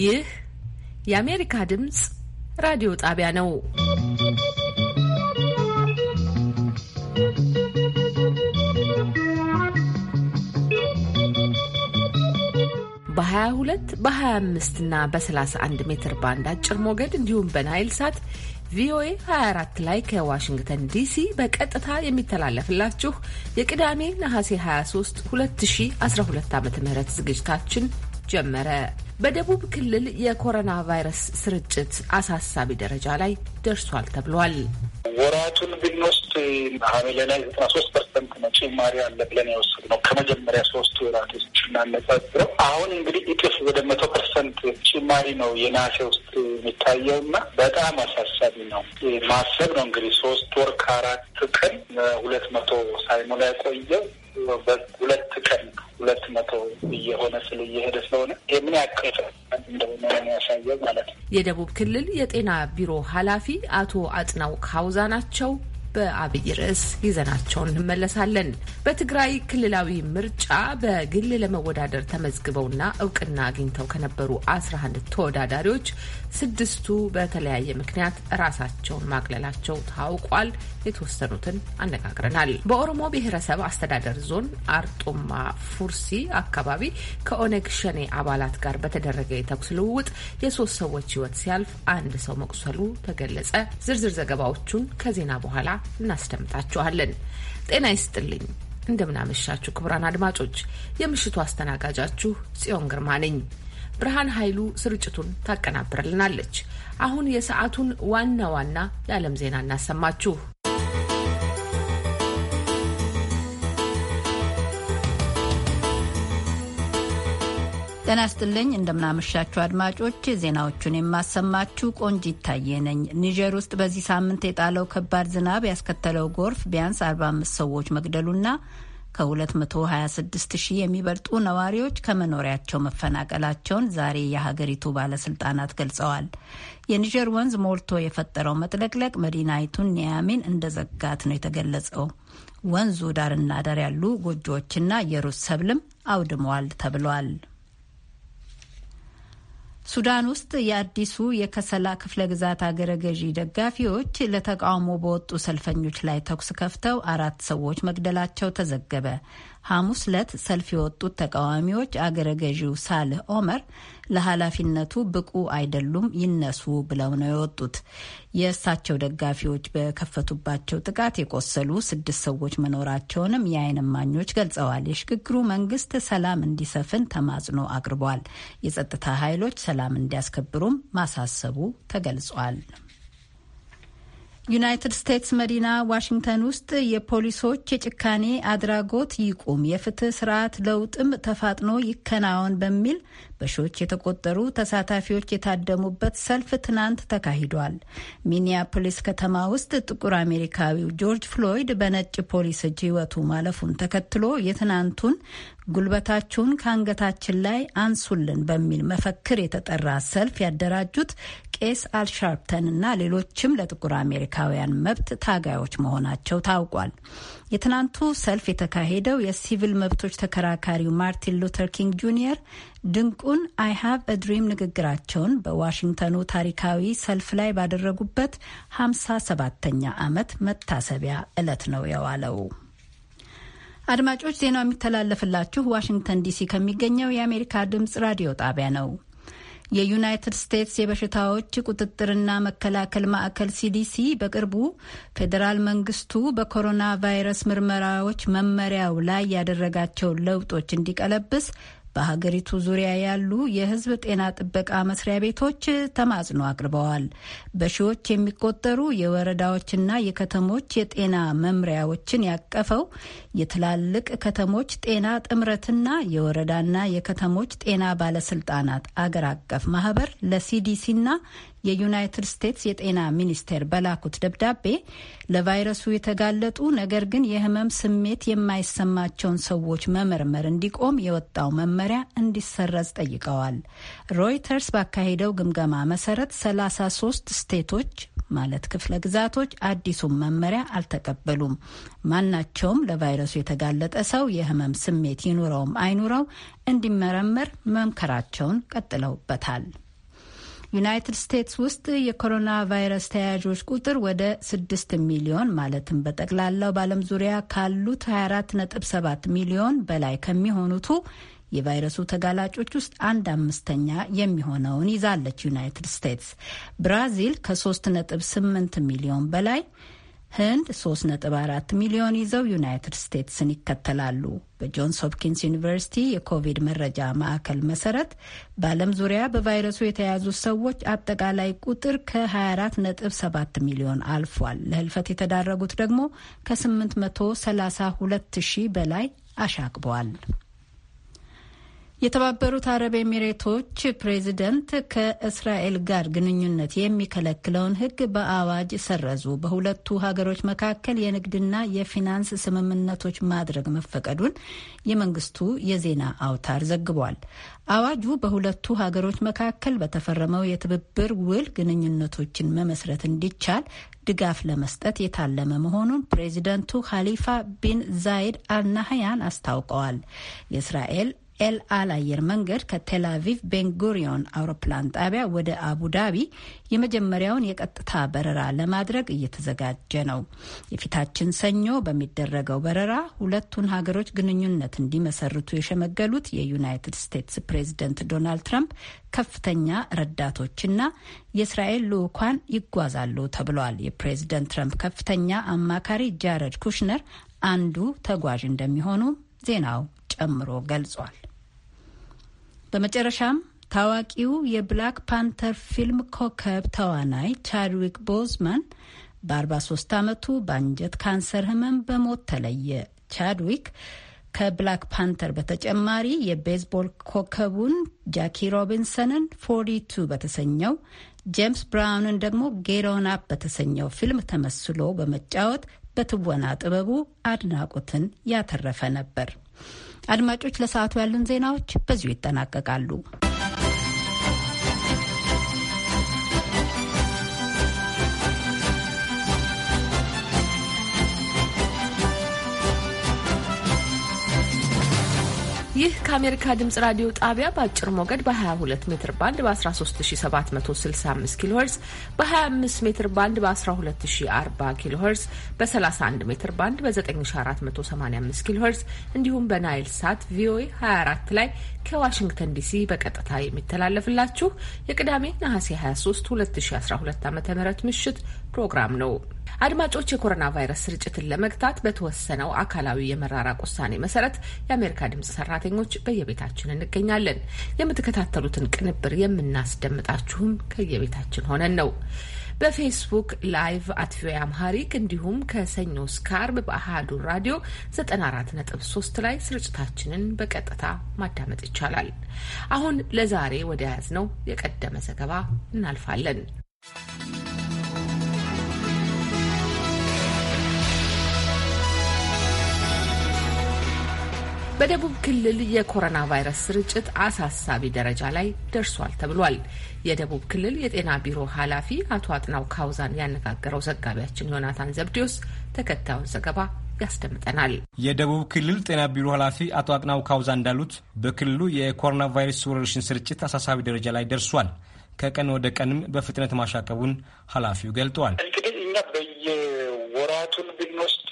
ይህ የአሜሪካ ድምፅ ራዲዮ ጣቢያ ነው። በ22 በ25 እና በ31 ሜትር ባንድ አጭር ሞገድ እንዲሁም በናይል ሳት ቪኦኤ 24 ላይ ከዋሽንግተን ዲሲ በቀጥታ የሚተላለፍላችሁ የቅዳሜ ነሐሴ 23 2012 ዓ ም ዝግጅታችን ጀመረ። በደቡብ ክልል የኮሮና ቫይረስ ስርጭት አሳሳቢ ደረጃ ላይ ደርሷል ተብሏል። ወራቱን ብንወስ ሐምሌ ላይ ዘጠና ሶስት ፐርሰንት ነው ጭማሪ አለ ብለን የወሰድነው ከመጀመሪያ ሶስት ወራት ውስጥ እናነጻጽረው። አሁን እንግዲህ እጥፍ ወደ መቶ ፐርሰንት ጭማሪ ነው የነሐሴ ውስጥ የሚታየው እና በጣም አሳሳቢ ነው። ማሰብ ነው እንግዲህ ሶስት ወር ከአራት ቀን ሁለት መቶ ሳይሞላ የቆየው በሁለት ቀን ሁለት መቶ እየሆነ ስል እየሄደ ስለሆነ የምን ያቀፈ እንደሆነ ያሳየው ማለት ነው። የደቡብ ክልል የጤና ቢሮ ኃላፊ አቶ አጥናው ካውዛ ናቸው። በአብይ ርዕስ ይዘናቸውን እንመለሳለን። በትግራይ ክልላዊ ምርጫ በግል ለመወዳደር ተመዝግበውና እውቅና አግኝተው ከነበሩ 11 ተወዳዳሪዎች ስድስቱ በተለያየ ምክንያት ራሳቸውን ማግለላቸው ታውቋል። የተወሰኑትን አነጋግረናል። በኦሮሞ ብሔረሰብ አስተዳደር ዞን አርጡማ ፉርሲ አካባቢ ከኦነግ ሸኔ አባላት ጋር በተደረገ የተኩስ ልውውጥ የሶስት ሰዎች ሕይወት ሲያልፍ አንድ ሰው መቁሰሉ ተገለጸ። ዝርዝር ዘገባዎቹን ከዜና በኋላ እናስደምጣችኋለን። ጤና ይስጥልኝ። እንደምናመሻችሁ ክቡራን አድማጮች፣ የምሽቱ አስተናጋጃችሁ ጽዮን ግርማ ነኝ። ብርሃን ኃይሉ ስርጭቱን ታቀናብርልናለች። አሁን የሰዓቱን ዋና ዋና የዓለም ዜና እናሰማችሁ። ጤና ይስጥልኝ እንደምናመሻችሁ አድማጮች፣ ዜናዎቹን የማሰማችሁ ቆንጂ ይታየ ነኝ። ኒጀር ውስጥ በዚህ ሳምንት የጣለው ከባድ ዝናብ ያስከተለው ጎርፍ ቢያንስ 45 ሰዎች መግደሉና ከ226 ሺህ የሚበልጡ ነዋሪዎች ከመኖሪያቸው መፈናቀላቸውን ዛሬ የሀገሪቱ ባለስልጣናት ገልጸዋል። የኒጀር ወንዝ ሞልቶ የፈጠረው መጥለቅለቅ መዲናይቱን ኒያሚን እንደዘጋት ነው የተገለጸው። ወንዙ ዳርና ዳር ያሉ ጎጆዎችና የሩዝ ሰብልም አውድመዋል ተብሏል። ሱዳን ውስጥ የአዲሱ የከሰላ ክፍለ ግዛት አገረ ገዢ ደጋፊዎች ለተቃውሞ በወጡ ሰልፈኞች ላይ ተኩስ ከፍተው አራት ሰዎች መግደላቸው ተዘገበ። ሐሙስ ዕለት ሰልፍ የወጡት ተቃዋሚዎች አገረ ገዢው ሳልህ ኦመር ለኃላፊነቱ ብቁ አይደሉም፣ ይነሱ ብለው ነው የወጡት። የእሳቸው ደጋፊዎች በከፈቱባቸው ጥቃት የቆሰሉ ስድስት ሰዎች መኖራቸውንም የዓይን እማኞች ገልጸዋል። የሽግግሩ መንግስት ሰላም እንዲሰፍን ተማጽኖ አቅርቧል። የጸጥታ ኃይሎች ሰላም እንዲያስከብሩም ማሳሰቡ ተገልጿል። ዩናይትድ ስቴትስ መዲና ዋሽንግተን ውስጥ የፖሊሶች የጭካኔ አድራጎት ይቁም፣ የፍትህ ስርዓት ለውጥም ተፋጥኖ ይከናወን በሚል በሺዎች የተቆጠሩ ተሳታፊዎች የታደሙበት ሰልፍ ትናንት ተካሂዷል። ሚኒያፖሊስ ከተማ ውስጥ ጥቁር አሜሪካዊው ጆርጅ ፍሎይድ በነጭ ፖሊስ እጅ ሕይወቱ ማለፉን ተከትሎ የትናንቱን ጉልበታችሁን ከአንገታችን ላይ አንሱልን በሚል መፈክር የተጠራ ሰልፍ ያደራጁት ቄስ አልሻርፕተን እና ሌሎችም ለጥቁር አሜሪካውያን መብት ታጋዮች መሆናቸው ታውቋል። የትናንቱ ሰልፍ የተካሄደው የሲቪል መብቶች ተከራካሪው ማርቲን ሉተር ኪንግ ጁኒየር ድንቁን አይ ሃቭ አ ድሪም ንግግራቸውን በዋሽንግተኑ ታሪካዊ ሰልፍ ላይ ባደረጉበት 57ተኛ ዓመት መታሰቢያ ዕለት ነው የዋለው። አድማጮች ዜናው የሚተላለፍላችሁ ዋሽንግተን ዲሲ ከሚገኘው የአሜሪካ ድምፅ ራዲዮ ጣቢያ ነው። የዩናይትድ ስቴትስ የበሽታዎች ቁጥጥርና መከላከል ማዕከል ሲዲሲ በቅርቡ ፌዴራል መንግስቱ በኮሮና ቫይረስ ምርመራዎች መመሪያው ላይ ያደረጋቸውን ለውጦች እንዲቀለብስ በሀገሪቱ ዙሪያ ያሉ የህዝብ ጤና ጥበቃ መስሪያ ቤቶች ተማጽኖ አቅርበዋል። በሺዎች የሚቆጠሩ የወረዳዎችና የከተሞች የጤና መምሪያዎችን ያቀፈው የትላልቅ ከተሞች ጤና ጥምረትና የወረዳና የከተሞች ጤና ባለስልጣናት አገር አቀፍ ማህበር ለሲዲሲና የዩናይትድ ስቴትስ የጤና ሚኒስቴር በላኩት ደብዳቤ ለቫይረሱ የተጋለጡ ነገር ግን የህመም ስሜት የማይሰማቸውን ሰዎች መመርመር እንዲቆም የወጣው መመሪያ እንዲሰረዝ ጠይቀዋል። ሮይተርስ ባካሄደው ግምገማ መሰረት 33 ስቴቶች ማለት ክፍለ ግዛቶች አዲሱን መመሪያ አልተቀበሉም። ማናቸውም ለቫይረሱ የተጋለጠ ሰው የህመም ስሜት ይኑረውም አይኑረው እንዲመረመር መምከራቸውን ቀጥለውበታል። ዩናይትድ ስቴትስ ውስጥ የኮሮና ቫይረስ ተያያዦች ቁጥር ወደ ስድስት ሚሊዮን ማለትም በጠቅላላው በዓለም ዙሪያ ካሉት 24.7 ሚሊዮን በላይ ከሚሆኑቱ የቫይረሱ ተጋላጮች ውስጥ አንድ አምስተኛ የሚሆነውን ይዛለች ዩናይትድ ስቴትስ። ብራዚል ከ3.8 ሚሊዮን በላይ ህንድ 3.4 ሚሊዮን ይዘው ዩናይትድ ስቴትስን ይከተላሉ። በጆንስ ሆፕኪንስ ዩኒቨርሲቲ የኮቪድ መረጃ ማዕከል መሰረት በዓለም ዙሪያ በቫይረሱ የተያዙ ሰዎች አጠቃላይ ቁጥር ከ24.7 ሚሊዮን አልፏል። ለህልፈት የተዳረጉት ደግሞ ከ832 ሺህ በላይ አሻቅበዋል። የተባበሩት አረብ ኤሚሬቶች ፕሬዚደንት ከእስራኤል ጋር ግንኙነት የሚከለክለውን ሕግ በአዋጅ ሰረዙ። በሁለቱ ሀገሮች መካከል የንግድና የፊናንስ ስምምነቶች ማድረግ መፈቀዱን የመንግስቱ የዜና አውታር ዘግቧል። አዋጁ በሁለቱ ሀገሮች መካከል በተፈረመው የትብብር ውል ግንኙነቶችን መመስረት እንዲቻል ድጋፍ ለመስጠት የታለመ መሆኑን ፕሬዚደንቱ ኻሊፋ ቢን ዛይድ አልናህያን አስታውቀዋል። የእስራኤል ኤልአል አየር መንገድ ከቴላቪቭ ቤንጉሪዮን አውሮፕላን ጣቢያ ወደ አቡዳቢ የመጀመሪያውን የቀጥታ በረራ ለማድረግ እየተዘጋጀ ነው። የፊታችን ሰኞ በሚደረገው በረራ ሁለቱን ሀገሮች ግንኙነት እንዲመሰርቱ የሸመገሉት የዩናይትድ ስቴትስ ፕሬዝደንት ዶናልድ ትራምፕ ከፍተኛ ረዳቶችና የእስራኤል ልዑካን ይጓዛሉ ተብሏል። የፕሬዚደንት ትራምፕ ከፍተኛ አማካሪ ጃረድ ኩሽነር አንዱ ተጓዥ እንደሚሆኑ ዜናው ጨምሮ ገልጿል። በመጨረሻም ታዋቂው የብላክ ፓንተር ፊልም ኮከብ ተዋናይ ቻድዊክ ቦዝማን በ43 ዓመቱ በአንጀት ካንሰር ህመም በሞት ተለየ። ቻድዊክ ከብላክ ፓንተር በተጨማሪ የቤዝቦል ኮከቡን ጃኪ ሮቢንሰንን 42 በተሰኘው ጄምስ ብራውንን ደግሞ ጌሮን አፕ በተሰኘው ፊልም ተመስሎ በመጫወት በትወና ጥበቡ አድናቆትን ያተረፈ ነበር። አድማጮች፣ ለሰዓቱ ያሉን ዜናዎች በዚሁ ይጠናቀቃሉ። ይህ ከአሜሪካ ድምጽ ራዲዮ ጣቢያ በአጭር ሞገድ በ22 ሜትር ባንድ በ13765 ኪሎ ሄርዝ በ25 ሜትር ባንድ በ1240 ኪሎ ሄርዝ በ31 ሜትር ባንድ በ9485 ኪሎ ሄርዝ እንዲሁም በናይል ሳት ቪኦኤ 24 ላይ ከዋሽንግተን ዲሲ በቀጥታ የሚተላለፍላችሁ የቅዳሜ ነሐሴ 23 2012 ዓ ም ምሽት ፕሮግራም ነው። አድማጮች፣ የኮሮና ቫይረስ ስርጭትን ለመግታት በተወሰነው አካላዊ የመራራቅ ውሳኔ መሰረት የአሜሪካ ድምጽ ሰራተኞች በየቤታችን እንገኛለን። የምትከታተሉትን ቅንብር የምናስደምጣችሁም ከየቤታችን ሆነን ነው። በፌስቡክ ላይቭ አት ቪኦኤ አምሃሪክ እንዲሁም ከሰኞ እስከ አርብ በአሃዱ ራዲዮ 94.3 ላይ ስርጭታችንን በቀጥታ ማዳመጥ ይቻላል። አሁን ለዛሬ ወደ ያዝነው የቀደመ ዘገባ እናልፋለን። በደቡብ ክልል የኮሮና ቫይረስ ስርጭት አሳሳቢ ደረጃ ላይ ደርሷል ተብሏል። የደቡብ ክልል የጤና ቢሮ ኃላፊ አቶ አጥናው ካውዛን ያነጋገረው ዘጋቢያችን ዮናታን ዘብዲዮስ ተከታዩን ዘገባ ያስደምጠናል። የደቡብ ክልል ጤና ቢሮ ኃላፊ አቶ አጥናው ካውዛ እንዳሉት በክልሉ የኮሮና ቫይረስ ወረርሽኝ ስርጭት አሳሳቢ ደረጃ ላይ ደርሷል። ከቀን ወደ ቀንም በፍጥነት ማሻቀቡን ኃላፊው ገልጠዋል። እንግዲህ እኛ ወራቱን ብንወስድ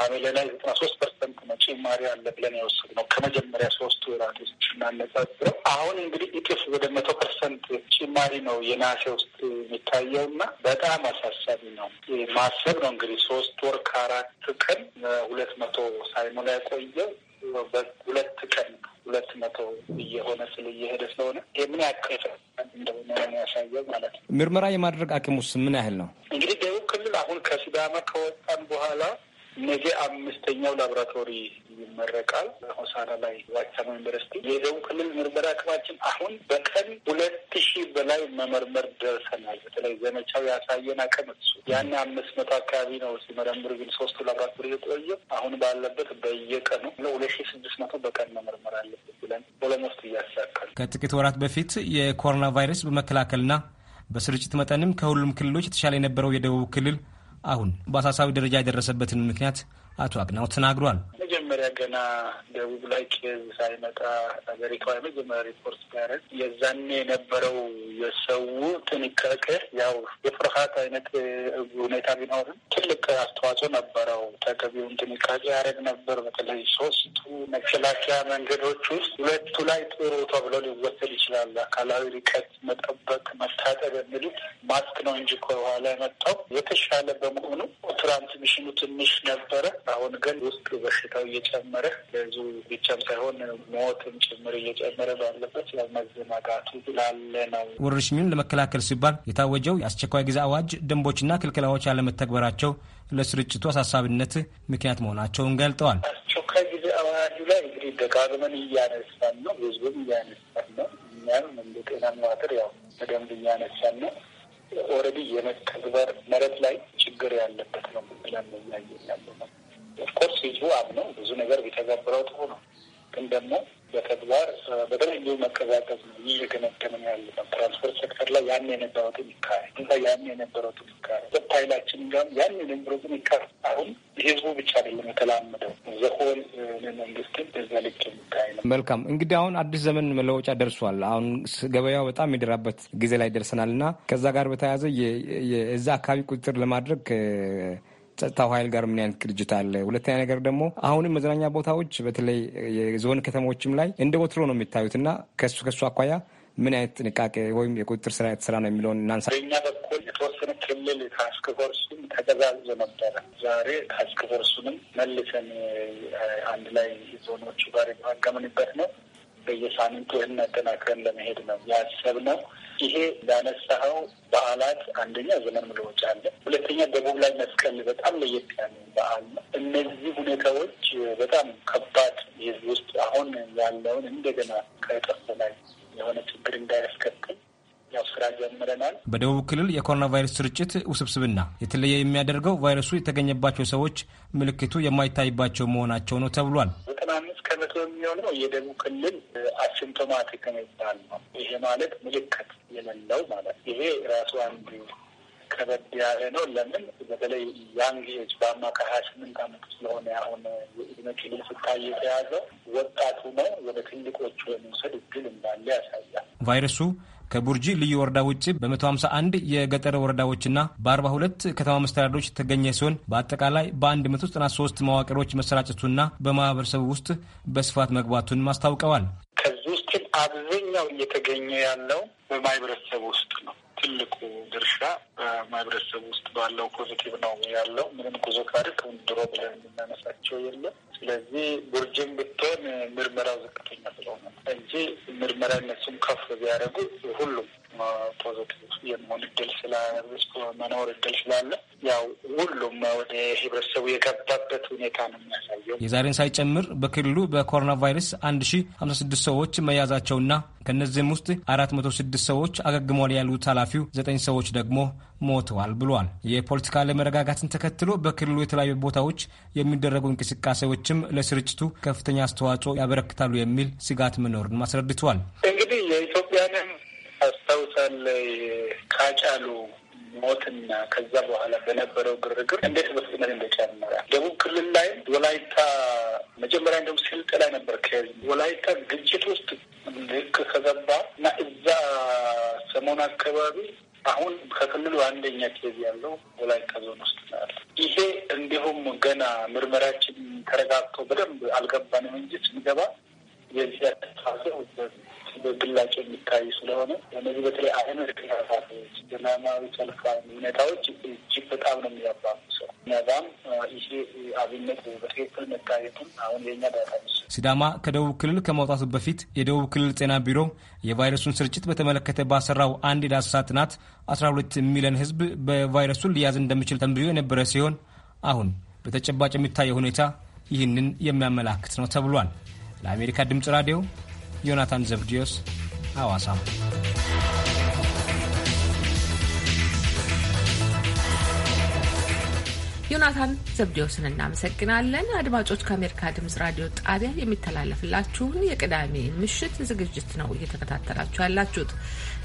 ሐምሌ ላይ ዘጠና ሶስት ፐርሰንት ነው ጭማሪ አለ ብለን የወሰድ ነው ከመጀመሪያ ሶስቱ ወራቶች እናነጻጽረው። አሁን እንግዲህ እጥፍ ወደ መቶ ፐርሰንት ጭማሪ ነው የነሐሴ ውስጥ የሚታየው እና በጣም አሳሳቢ ነው። ማሰብ ነው እንግዲህ ሶስት ወር ከአራት ቀን ሁለት መቶ ሳይሞላ ያቆየው በሁለት ቀን ሁለት መቶ እየሆነ ስል እየሄደ ስለሆነ የምን ያክል እንደሆነ የሚያሳየው ማለት ነው። ምርመራ የማድረግ አቅሙስ ምን ያህል ነው? እንግዲህ አዳማ ከወጣን በኋላ እነዚህ አምስተኛው ላቦራቶሪ ይመረቃል። ሆሳና ላይ ዋቻማ ዩኒቨርሲቲ የደቡብ ክልል ምርመራ አቅማችን አሁን በቀን ሁለት ሺህ በላይ መመርመር ደርሰናል። በተለይ ዘመቻው ያሳየን አቅም እሱ ያን አምስት መቶ አካባቢ ነው ሲመረምር፣ ግን ሶስቱ ላቦራቶሪ የቆየ አሁን ባለበት በየቀኑ ሁለት ሺህ ስድስት መቶ በቀን መመርመር አለበት ብለን ኦሎሞስት እያሳካል። ከጥቂት ወራት በፊት የኮሮና ቫይረስ በመከላከልና በስርጭት መጠንም ከሁሉም ክልሎች የተሻለ የነበረው የደቡብ ክልል አሁን በአሳሳቢ ደረጃ የደረሰበትን ምክንያት አቶ አቅናው ተናግሯል። መጀመሪያ ገና ደቡብ ላይ ኬዝ ሳይመጣ ሀገሪቷ የመጀመሪያ ሪፖርት ጋረን የዛኔ የነበረው የሰው ጥንቃቄ ያው የፍርሀት አይነት ሁኔታ ቢኖርም ትልቅ አስተዋጽኦ ነበረው። ተገቢውን ጥንቃቄ ያደረግ ነበር። በተለይ ሶስቱ መከላከያ መንገዶች ውስጥ ሁለቱ ላይ ጥሩ ተብሎ ሊወሰድ ይችላል። አካላዊ ርቀት መጠበቅ፣ መታጠብ የሚሉት ማስክ ነው እንጂ ከኋላ የመጣው የተሻለ በመሆኑ ትራንስሚሽኑ ትንሽ ነበረ። አሁን ግን ውስጥ በሽታው እየጨመረ ብዙ ብቻም ሳይሆን ሞትም ጭምር እየጨመረ ባለበት ያው መዘናጋቱ ላለ ነው። ወረርሽኙን ለመከላከል ሲባል የታወጀው የአስቸኳይ ጊዜ አዋጅ ደንቦችና ክልክላዎች ያለመተግበራቸው ለስርጭቱ አሳሳቢነት ምክንያት መሆናቸውን ገልጠዋል። አስቸኳይ ጊዜ አዋጁ ላይ እንግዲህ ደጋግመን እያነሳን ነው፣ ህዝብም እያነሳን ነው፣ እኛም እንደ ጤና መዋቅር ያው በደንብ እያነሳን ነው። ኦልሬዲ የመተግበር መሬት ላይ ችግር ያለበት ነው ብለን እያየን ያለ ነው። ኦፍኮርስ ህዝቡ አምነው ብዙ ነገር ቢተገብረው ጥሩ ነው። ግን ደግሞ በተግባር በተለይ መቀዛቀዝ ነው። ይህ የገመገምን ያለ ነው። ትራንስፖርት ሴክተር ላይ ያን የነበረትን ይካሄድ እንኳ ያን የነበረትን ይካሄድ ጸጥታ ኃይላችን ጋር ያን የነበረትን ይካሄድ። አሁን ህዝቡ ብቻ አይደለም የተላመደው ዘሆን መንግስትን በዛ ልክ የሚካሄድ መልካም እንግዲህ አሁን አዲስ ዘመን መለወጫ ደርሷል። አሁን ገበያው በጣም የሚደራበት ጊዜ ላይ ደርሰናል እና ከዛ ጋር በተያያዘ የዛ አካባቢ ቁጥጥር ለማድረግ ጸጥታው ኃይል ጋር ምን አይነት ቅርጅት አለ? ሁለተኛ ነገር ደግሞ አሁንም መዝናኛ ቦታዎች በተለይ የዞን ከተሞችም ላይ እንደ ወትሮ ነው የሚታዩት እና ከሱ ከሱ አኳያ ምን አይነት ጥንቃቄ ወይም የቁጥጥር ስራ የተሰራ ነው የሚለውን እናንሳ። በኛ በኩል የተወሰነ ክልል ታስክ ፎርሱም ተቀዛዞ ነበረ። ዛሬ ታስክ ፎርሱንም መልሰን አንድ ላይ ዞኖቹ ጋር የተዋቀምንበት ነው። በየሳምንቱ ይህን አጠናክረን ለመሄድ ነው ያሰብነው። ይሄ ላነሳኸው በዓላት አንደኛ ዘመን መለወጫ አለ፣ ሁለተኛ ደቡብ ላይ መስቀል በጣም ለየት ያለ በዓል ነው። እነዚህ ሁኔታዎች በጣም ከባድ የህዝብ ውስጥ አሁን ያለውን እንደገና ከጠፍ ላይ የሆነ ችግር እንዳያስከትል ያው ስራ ጀምረናል። በደቡብ ክልል የኮሮና ቫይረስ ስርጭት ውስብስብና የተለየ የሚያደርገው ቫይረሱ የተገኘባቸው ሰዎች ምልክቱ የማይታይባቸው መሆናቸው ነው ተብሏል። ነው የሚሆነው። የደቡብ ክልል አሲምፕቶማቲክ የሚባል ነው። ይሄ ማለት ምልክት የሌለው ማለት ይሄ ራሱ አንዱ ከበድ ያለ ነው። ለምን በተለይ ያንግ ኤጅ በአማካይ ሀያ ስምንት አመት ስለሆነ አሁን የእድሜ ክልል ስታይ የተያዘው ወጣቱ ነው ወደ ትልቆቹ የመውሰድ እድል እንዳለ ያሳያል ቫይረሱ ከቡርጂ ልዩ ወረዳ ውጭ በ151 የገጠር ወረዳዎችና በ42 ከተማ መስተዳድሮች የተገኘ ሲሆን በአጠቃላይ በ193 መዋቅሮች መሰራጨቱና በማህበረሰቡ ውስጥ በስፋት መግባቱን አስታውቀዋል። ከዚህ ውስጥ አብዛኛው እየተገኘ ያለው በማህበረሰቡ ውስጥ ነው። ትልቁ ድርሻ በማህበረሰብ ውስጥ ባለው ፖዚቲቭ ነው ያለው። ምንም ጉዞ ታሪክ ድሮ ብለን የምናነሳቸው የለም። ስለዚህ ጉርጅም ብትሆን ምርመራው ዝቅተኛ ስለሆነ እንጂ ምርመራ እነሱም ከፍ ቢያደርጉ ሁሉም ፖዘቲቭ የመሆን እድል ስላ መኖር እድል ስላለ ያው ሁሉም ወደ ህብረተሰቡ የገባበት ሁኔታ ነው የሚያሳየው። የዛሬን ሳይጨምር በክልሉ በኮሮና ቫይረስ አንድ ሺ ሀምሳ ስድስት ሰዎች መያዛቸውና ከእነዚህም ውስጥ አራት መቶ ስድስት ሰዎች አገግሟል ያሉት ኃላፊው ዘጠኝ ሰዎች ደግሞ ሞተዋል ብሏል። የፖለቲካ ለመረጋጋትን ተከትሎ በክልሉ የተለያዩ ቦታዎች የሚደረጉ እንቅስቃሴዎችም ለስርጭቱ ከፍተኛ አስተዋጽኦ ያበረክታሉ የሚል ስጋት መኖርን አስረድተዋል። እንግዲህ ካጫሉ ሞትና ከዛ በኋላ በነበረው ግርግር እንዴት በፍጥነት እንደጨመረ ደቡብ ክልል ላይ ወላይታ መጀመሪያ እንደም ስልጤ ላይ ነበር ከዚ ወላይታ ግጭት ውስጥ ልክ ከገባ እና እዛ ሰሞን አካባቢ አሁን ከክልሉ አንደኛ ኬዝ ያለው ወላይታ ዞን ውስጥ ናል። ይሄ እንዲሁም ገና ምርመራችን ተረጋግቶ በደንብ አልገባንም እንጂ ስንገባ የዚያ ተፋሰ በግላጭ የሚታይ ስለሆነ እነዚህ በተለይ አይነት ርክራሳቶች ሰላማዊ ሁኔታዎች እጅግ በጣም ነው የሚያባሉ እነዛም ይሄ አብነት በትክክል መታየቱም አሁን የኛ ዳታ ሲዳማ ከደቡብ ክልል ከመውጣቱ በፊት የደቡብ ክልል ጤና ቢሮ የቫይረሱን ስርጭት በተመለከተ ባሰራው አንድ የዳሰሳ ጥናት 12 ሚሊዮን ሕዝብ በቫይረሱን ሊያዝ እንደሚችል ተንብዮ የነበረ ሲሆን አሁን በተጨባጭ የሚታየው ሁኔታ ይህንን የሚያመላክት ነው ተብሏል። ለአሜሪካ ድምፅ ራዲዮ ዮናታን ዘብዲዮስ ሐዋሳ። ዮናታን ዘብዴዎስን እናመሰግናለን። አድማጮች ከአሜሪካ ድምጽ ራዲዮ ጣቢያ የሚተላለፍላችሁን የቅዳሜ ምሽት ዝግጅት ነው እየተከታተላችሁ ያላችሁት።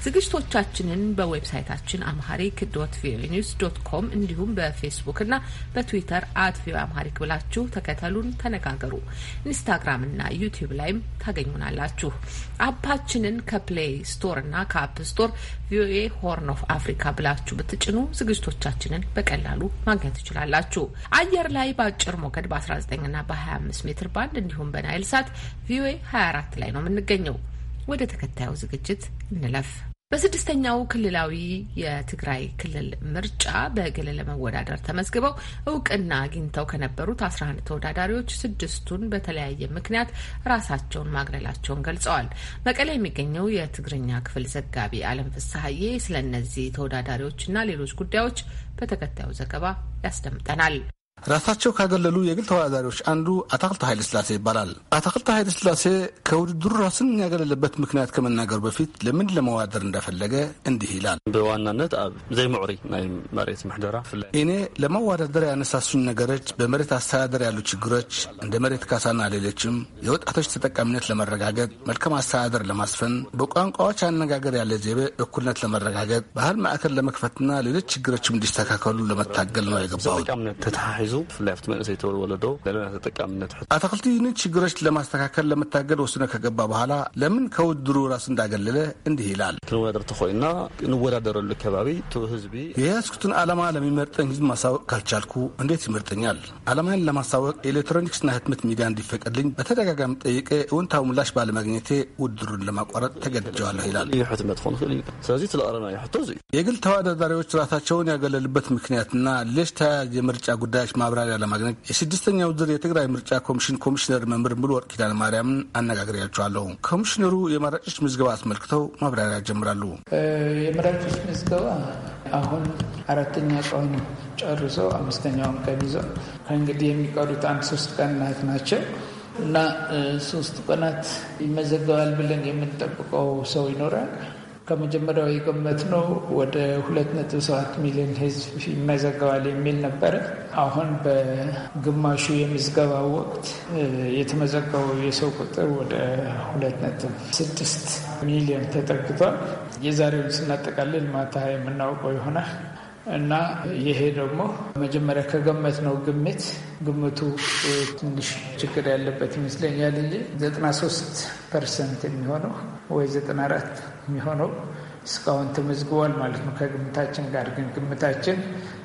ዝግጅቶቻችንን በዌብሳይታችን አምሃሪክ ዶት ቪኦኤ ኒውስ ዶት ኮም እንዲሁም በፌስቡክ እና በትዊተር አት ቪኦኤ አምሃሪክ ብላችሁ ተከተሉን፣ ተነጋገሩ። ኢንስታግራም እና ዩቲዩብ ላይም ታገኙናላችሁ። አፓችንን ከፕሌይ እና ከአፕ ስቶር ቪኦኤ ሆርን ኦፍ አፍሪካ ብላችሁ ብትጭኑ ዝግጅቶቻችንን በቀላሉ ማግኘት ትችላላችሁ። አየር ላይ በአጭር ሞገድ በ19ና በ25 ሜትር ባንድ እንዲሁም በናይል ሳት ቪኦኤ 24 ላይ ነው የምንገኘው። ወደ ተከታዩ ዝግጅት እንለፍ። በስድስተኛው ክልላዊ የትግራይ ክልል ምርጫ በግል ለመወዳደር ተመዝግበው እውቅና አግኝተው ከነበሩት አስራ አንድ ተወዳዳሪዎች ስድስቱን በተለያየ ምክንያት ራሳቸውን ማግለላቸውን ገልጸዋል። መቀሌ የሚገኘው የትግርኛ ክፍል ዘጋቢ አለም ፍስሀዬ ስለ እነዚህ ተወዳዳሪዎችና ሌሎች ጉዳዮች በተከታዩ ዘገባ ያስደምጠናል። ራሳቸው ካገለሉ የግል ተወዳዳሪዎች አንዱ አታክልተ ኃይለ ስላሴ ይባላል። አታክልተ ኃይለ ስላሴ ከውድድሩ ራስን ያገለለበት ምክንያት ከመናገሩ በፊት ለምን ለመዋደር እንደፈለገ እንዲህ ይላል። በዋናነት ኣብ ዘይምዕሪ ናይ መሬት ምሕደራ እኔ ለመወዳደር ያነሳሱን ነገሮች በመሬት አስተዳደር ያሉ ችግሮች እንደ መሬት ካሳና ሌሎችም፣ የወጣቶች ተጠቃሚነት ለመረጋገጥ፣ መልካም አስተዳደር ለማስፈን፣ በቋንቋዎች አነጋገር ያለ ዜበ እኩልነት ለመረጋገጥ፣ ባህል ማዕከል ለመክፈትና ሌሎች ችግሮችም እንዲስተካከሉ ለመታገል ነው የገባሁት። ሒዙ ብፍላይ ኣብቲ መንእሰይ ተወለዶ ዘለና ተጠቃምነት ኣታክልቲ ንችግሮች ለማስተካከል ለመታገል ወስነ ከገባ በኋላ ለምን ከውድሩ ራስ እንዳገለለ እንዲህ ይላል ክንወዳደርቲ ኮይና ንወዳደረሉ ከባቢ እቲ ህዝቢ የያዝኩትን ዓላማ ለሚመርጠኝ ህዝቢ ማሳወቅ ካልቻልኩ እንዴት ይመርጠኛል? ዓላማን ለማሳወቅ ኤሌክትሮኒክስና ህትመት ሚዲያ እንዲፈቀድልኝ በተደጋጋሚ ጠይቀ እውንታዊ ምላሽ ባለማግኘቴ ውድሩን ለማቋረጥ ተገድጀዋለሁ ይላል። ሕትመት ክኾን ይኽእል እዩ። ስለዚ ትለቀረና እዩ እዩ የግል ተወዳዳሪዎች ራሳቸውን ያገለሉበት ምክንያትና ሌሽ ተያያዥ የምርጫ ጉዳዮች ማብራሪያ ለማግኘት የስድስተኛው ዙር የትግራይ ምርጫ ኮሚሽን ኮሚሽነር መምህር ምልወርቅ ኪዳነ ማርያምን አነጋግሬያቸዋለሁ። ኮሚሽነሩ የመራጮች ምዝገባ አስመልክተው ማብራሪያ ጀምራሉ። የመራጮች ምዝገባ አሁን አራተኛ ቀኑ ጨርሶ አምስተኛውን ቀን ይዞ ከእንግዲህ የሚቀሩት አንድ ሶስት ቀናት ናቸው እና ሶስት ቀናት ይመዘገባል ብለን የምንጠብቀው ሰው ይኖራል። ከመጀመሪያው የገመት ነው ወደ 2.7 ሚሊዮን ህዝብ ይመዘገባል የሚል ነበረ። አሁን በግማሹ የምዝገባ ወቅት የተመዘገበው የሰው ቁጥር ወደ 2.6 ሚሊዮን ተጠግቷል። የዛሬውን ስናጠቃልል ማታ የምናውቀው ይሆናል። እና ይሄ ደግሞ መጀመሪያ ከገመት ነው ግምት ግምቱ ትንሽ ችግር ያለበት ይመስለኛል እንጂ 93 ፐርሰንት የሚሆነው ወይ 94 የሚሆነው እስካሁን ተመዝግቧል ማለት ነው። ከግምታችን ጋር ግን ግምታችን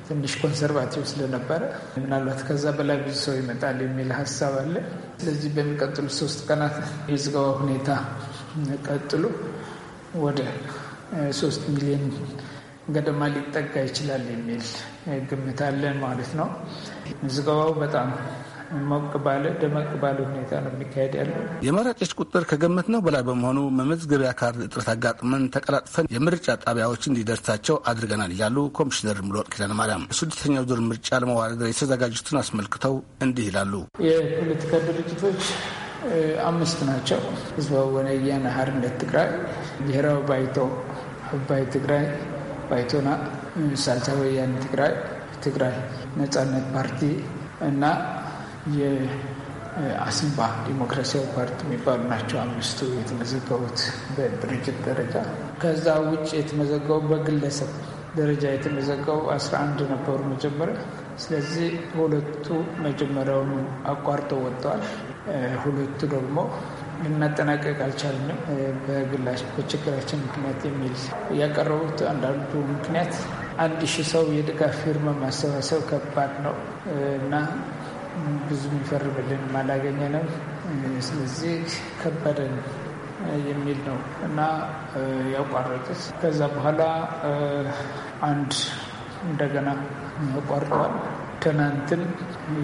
ትንሽ ኮንሰርቫቲቭ ስለነበረ ምናልባት ከዛ በላይ ብዙ ሰው ይመጣል የሚል ሀሳብ አለ። ስለዚህ በሚቀጥሉ ሶስት ቀናት የዝገባ ሁኔታ ቀጥሎ ወደ ሶስት ሚሊዮን ገደማ ሊጠጋ ይችላል የሚል ግምት አለን ማለት ነው። ምዝገባው በጣም ሞቅ ባለ ደመቅ ባለ ሁኔታ ነው የሚካሄድ ያለው። የመራጮች ቁጥር ከገመት ነው በላይ በመሆኑ መመዝገቢያ ካርድ እጥረት አጋጥመን ተቀላጥፈን የምርጫ ጣቢያዎች እንዲደርሳቸው አድርገናል ይላሉ ኮሚሽነር ምሎት ኪዳነ ማርያም። የስድስተኛው ዙር ምርጫ ለመዋረድ የተዘጋጁትን አስመልክተው እንዲህ ይላሉ። የፖለቲካ ድርጅቶች አምስት ናቸው። ህዝባዊ ወያነ ሓርነት ትግራይ፣ ብሔራዊ ባይቶ አባይ ትግራይ ባይቶና፣ ሳልሳይ ወያነ ትግራይ፣ ትግራይ ነጻነት ፓርቲ እና የአስምባ ዲሞክራሲያዊ ፓርቲ የሚባሉ ናቸው አምስቱ የተመዘገቡት በድርጅት ደረጃ። ከዛ ውጭ የተመዘገቡ በግለሰብ ደረጃ የተመዘገቡ 11 ነበሩ መጀመሪያ። ስለዚህ ሁለቱ መጀመሪያውኑ አቋርጠው ወጥተዋል። ሁለቱ ደግሞ ልናጠናቀቅ አልቻልንም በግላሽ በችግራችን ምክንያት የሚል ያቀረቡት አንዳንዱ ምክንያት አንድ ሺህ ሰው የድጋፍ ፊርማ ማሰባሰብ ከባድ ነው እና ብዙ የሚፈርምልን አላገኘ ነው። ስለዚህ ከበደን የሚል ነው እና ያቋረጡት። ከዛ በኋላ አንድ እንደገና ያቋርጠዋል። ትናንትም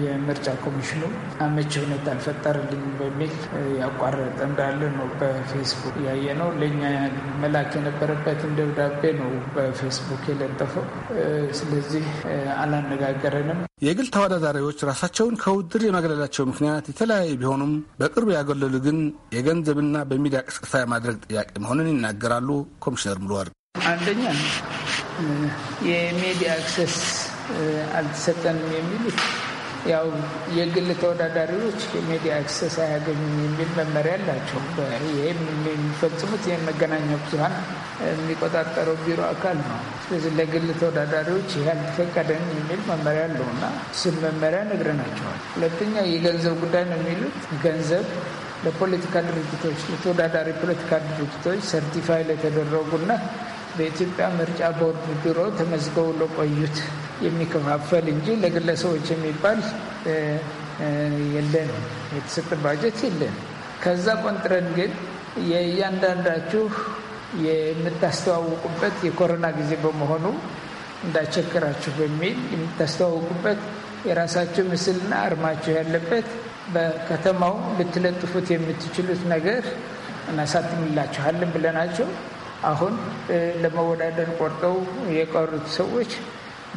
የምርጫ ኮሚሽኑ አመቺ ሁኔታ አልፈጠርልኝም በሚል ያቋረጠ እንዳለ ነው በፌስቡክ ያየ ነው። ለእኛ መላክ የነበረበትን ደብዳቤ ነው በፌስቡክ የለጠፈው። ስለዚህ አላነጋገረንም። የግል ተወዳዳሪዎች ራሳቸውን ከውድድር የማግለላቸው ምክንያት የተለያዩ ቢሆኑም በቅርብ ያገለሉ ግን የገንዘብና በሚዲያ ቅስቀሳ የማድረግ ጥያቄ መሆኑን ይናገራሉ ኮሚሽነር ሙሉወርቅ አንደኛ የሚዲያ አክሰስ አልተሰጠንም የሚሉት ያው የግል ተወዳዳሪዎች የሚዲያ አክሰስ አያገኙም የሚል መመሪያ አላቸው። ይህም የሚፈጽሙት የመገናኛ ብዙሃን የሚቆጣጠረው ቢሮ አካል ነው። ስለዚህ ለግል ተወዳዳሪዎች ይህ አልተፈቀደም የሚል መመሪያ አለው እና ስም መመሪያ ነግረናቸዋል። ሁለተኛ የገንዘብ ጉዳይ ነው የሚሉት ገንዘብ ለፖለቲካ ድርጅቶች ለተወዳዳሪ ፖለቲካ ድርጅቶች ሰርቲፋይ ለተደረጉና በኢትዮጵያ ምርጫ ቦርድ ቢሮ ተመዝገው ለቆዩት የሚከፋፈል እንጂ ለግለሰቦች የሚባል የለን፣ የተሰጠ ባጀት የለን። ከዛ ቆንጥረን ግን የእያንዳንዳችሁ የምታስተዋውቁበት የኮሮና ጊዜ በመሆኑ እንዳቸግራችሁ በሚል የምታስተዋውቁበት የራሳችሁ ምስልና አርማችሁ ያለበት በከተማው ልትለጥፉት የምትችሉት ነገር እናሳትምላችኋለን ብለናቸው አሁን ለመወዳደር ቆርጠው የቀሩት ሰዎች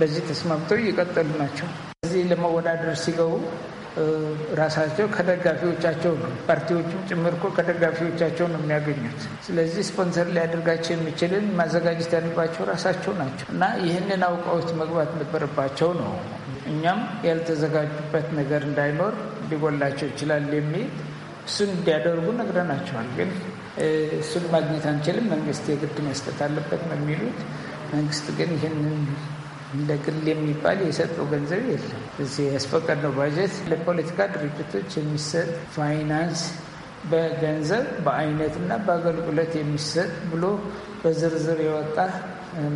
በዚህ ተስማምተው እየቀጠሉ ናቸው። እዚህ ለመወዳደር ሲገቡ ራሳቸው ከደጋፊዎቻቸው ነው፣ ፓርቲዎቹም ጭምር እኮ ከደጋፊዎቻቸው ነው የሚያገኙት። ስለዚህ ስፖንሰር ሊያደርጋቸው የሚችልን ማዘጋጀት ያለባቸው ራሳቸው ናቸው እና ይህንን አውቀውት መግባት ነበረባቸው ነው። እኛም ያልተዘጋጁበት ነገር እንዳይኖር ሊጎላቸው ይችላል የሚል እሱን እንዲያደርጉ ነግረናቸዋል ግን እሱን ማግኘት አንችልም፣ መንግስት የግድ መስጠት አለበት ነው የሚሉት። መንግስት ግን ይህንን እንደ ግል የሚባል የሰጠው ገንዘብ የለም። እዚህ ያስፈቀድነው ባጀት ለፖለቲካ ድርጅቶች የሚሰጥ ፋይናንስ በገንዘብ በአይነትና በአገልግሎት የሚሰጥ ብሎ በዝርዝር የወጣ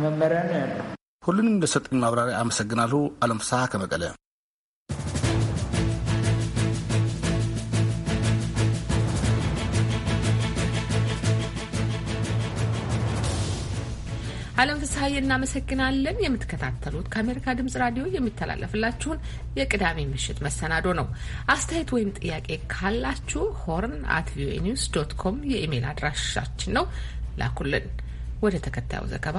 መመሪያ ነው ያለው። ሁሉንም ለሰጡኝ ማብራሪያ አመሰግናለሁ። አለም ፍስሐ ከመቀለ አለም ፍስሀዬ እናመሰግናለን። የምትከታተሉት ከአሜሪካ ድምጽ ራዲዮ የሚተላለፍላችሁን የቅዳሜ ምሽት መሰናዶ ነው። አስተያየት ወይም ጥያቄ ካላችሁ ሆርን አት ቪኦኤ ኒውስ ዶት ኮም የኢሜይል አድራሻችን ነው፣ ላኩልን። ወደ ተከታዩ ዘገባ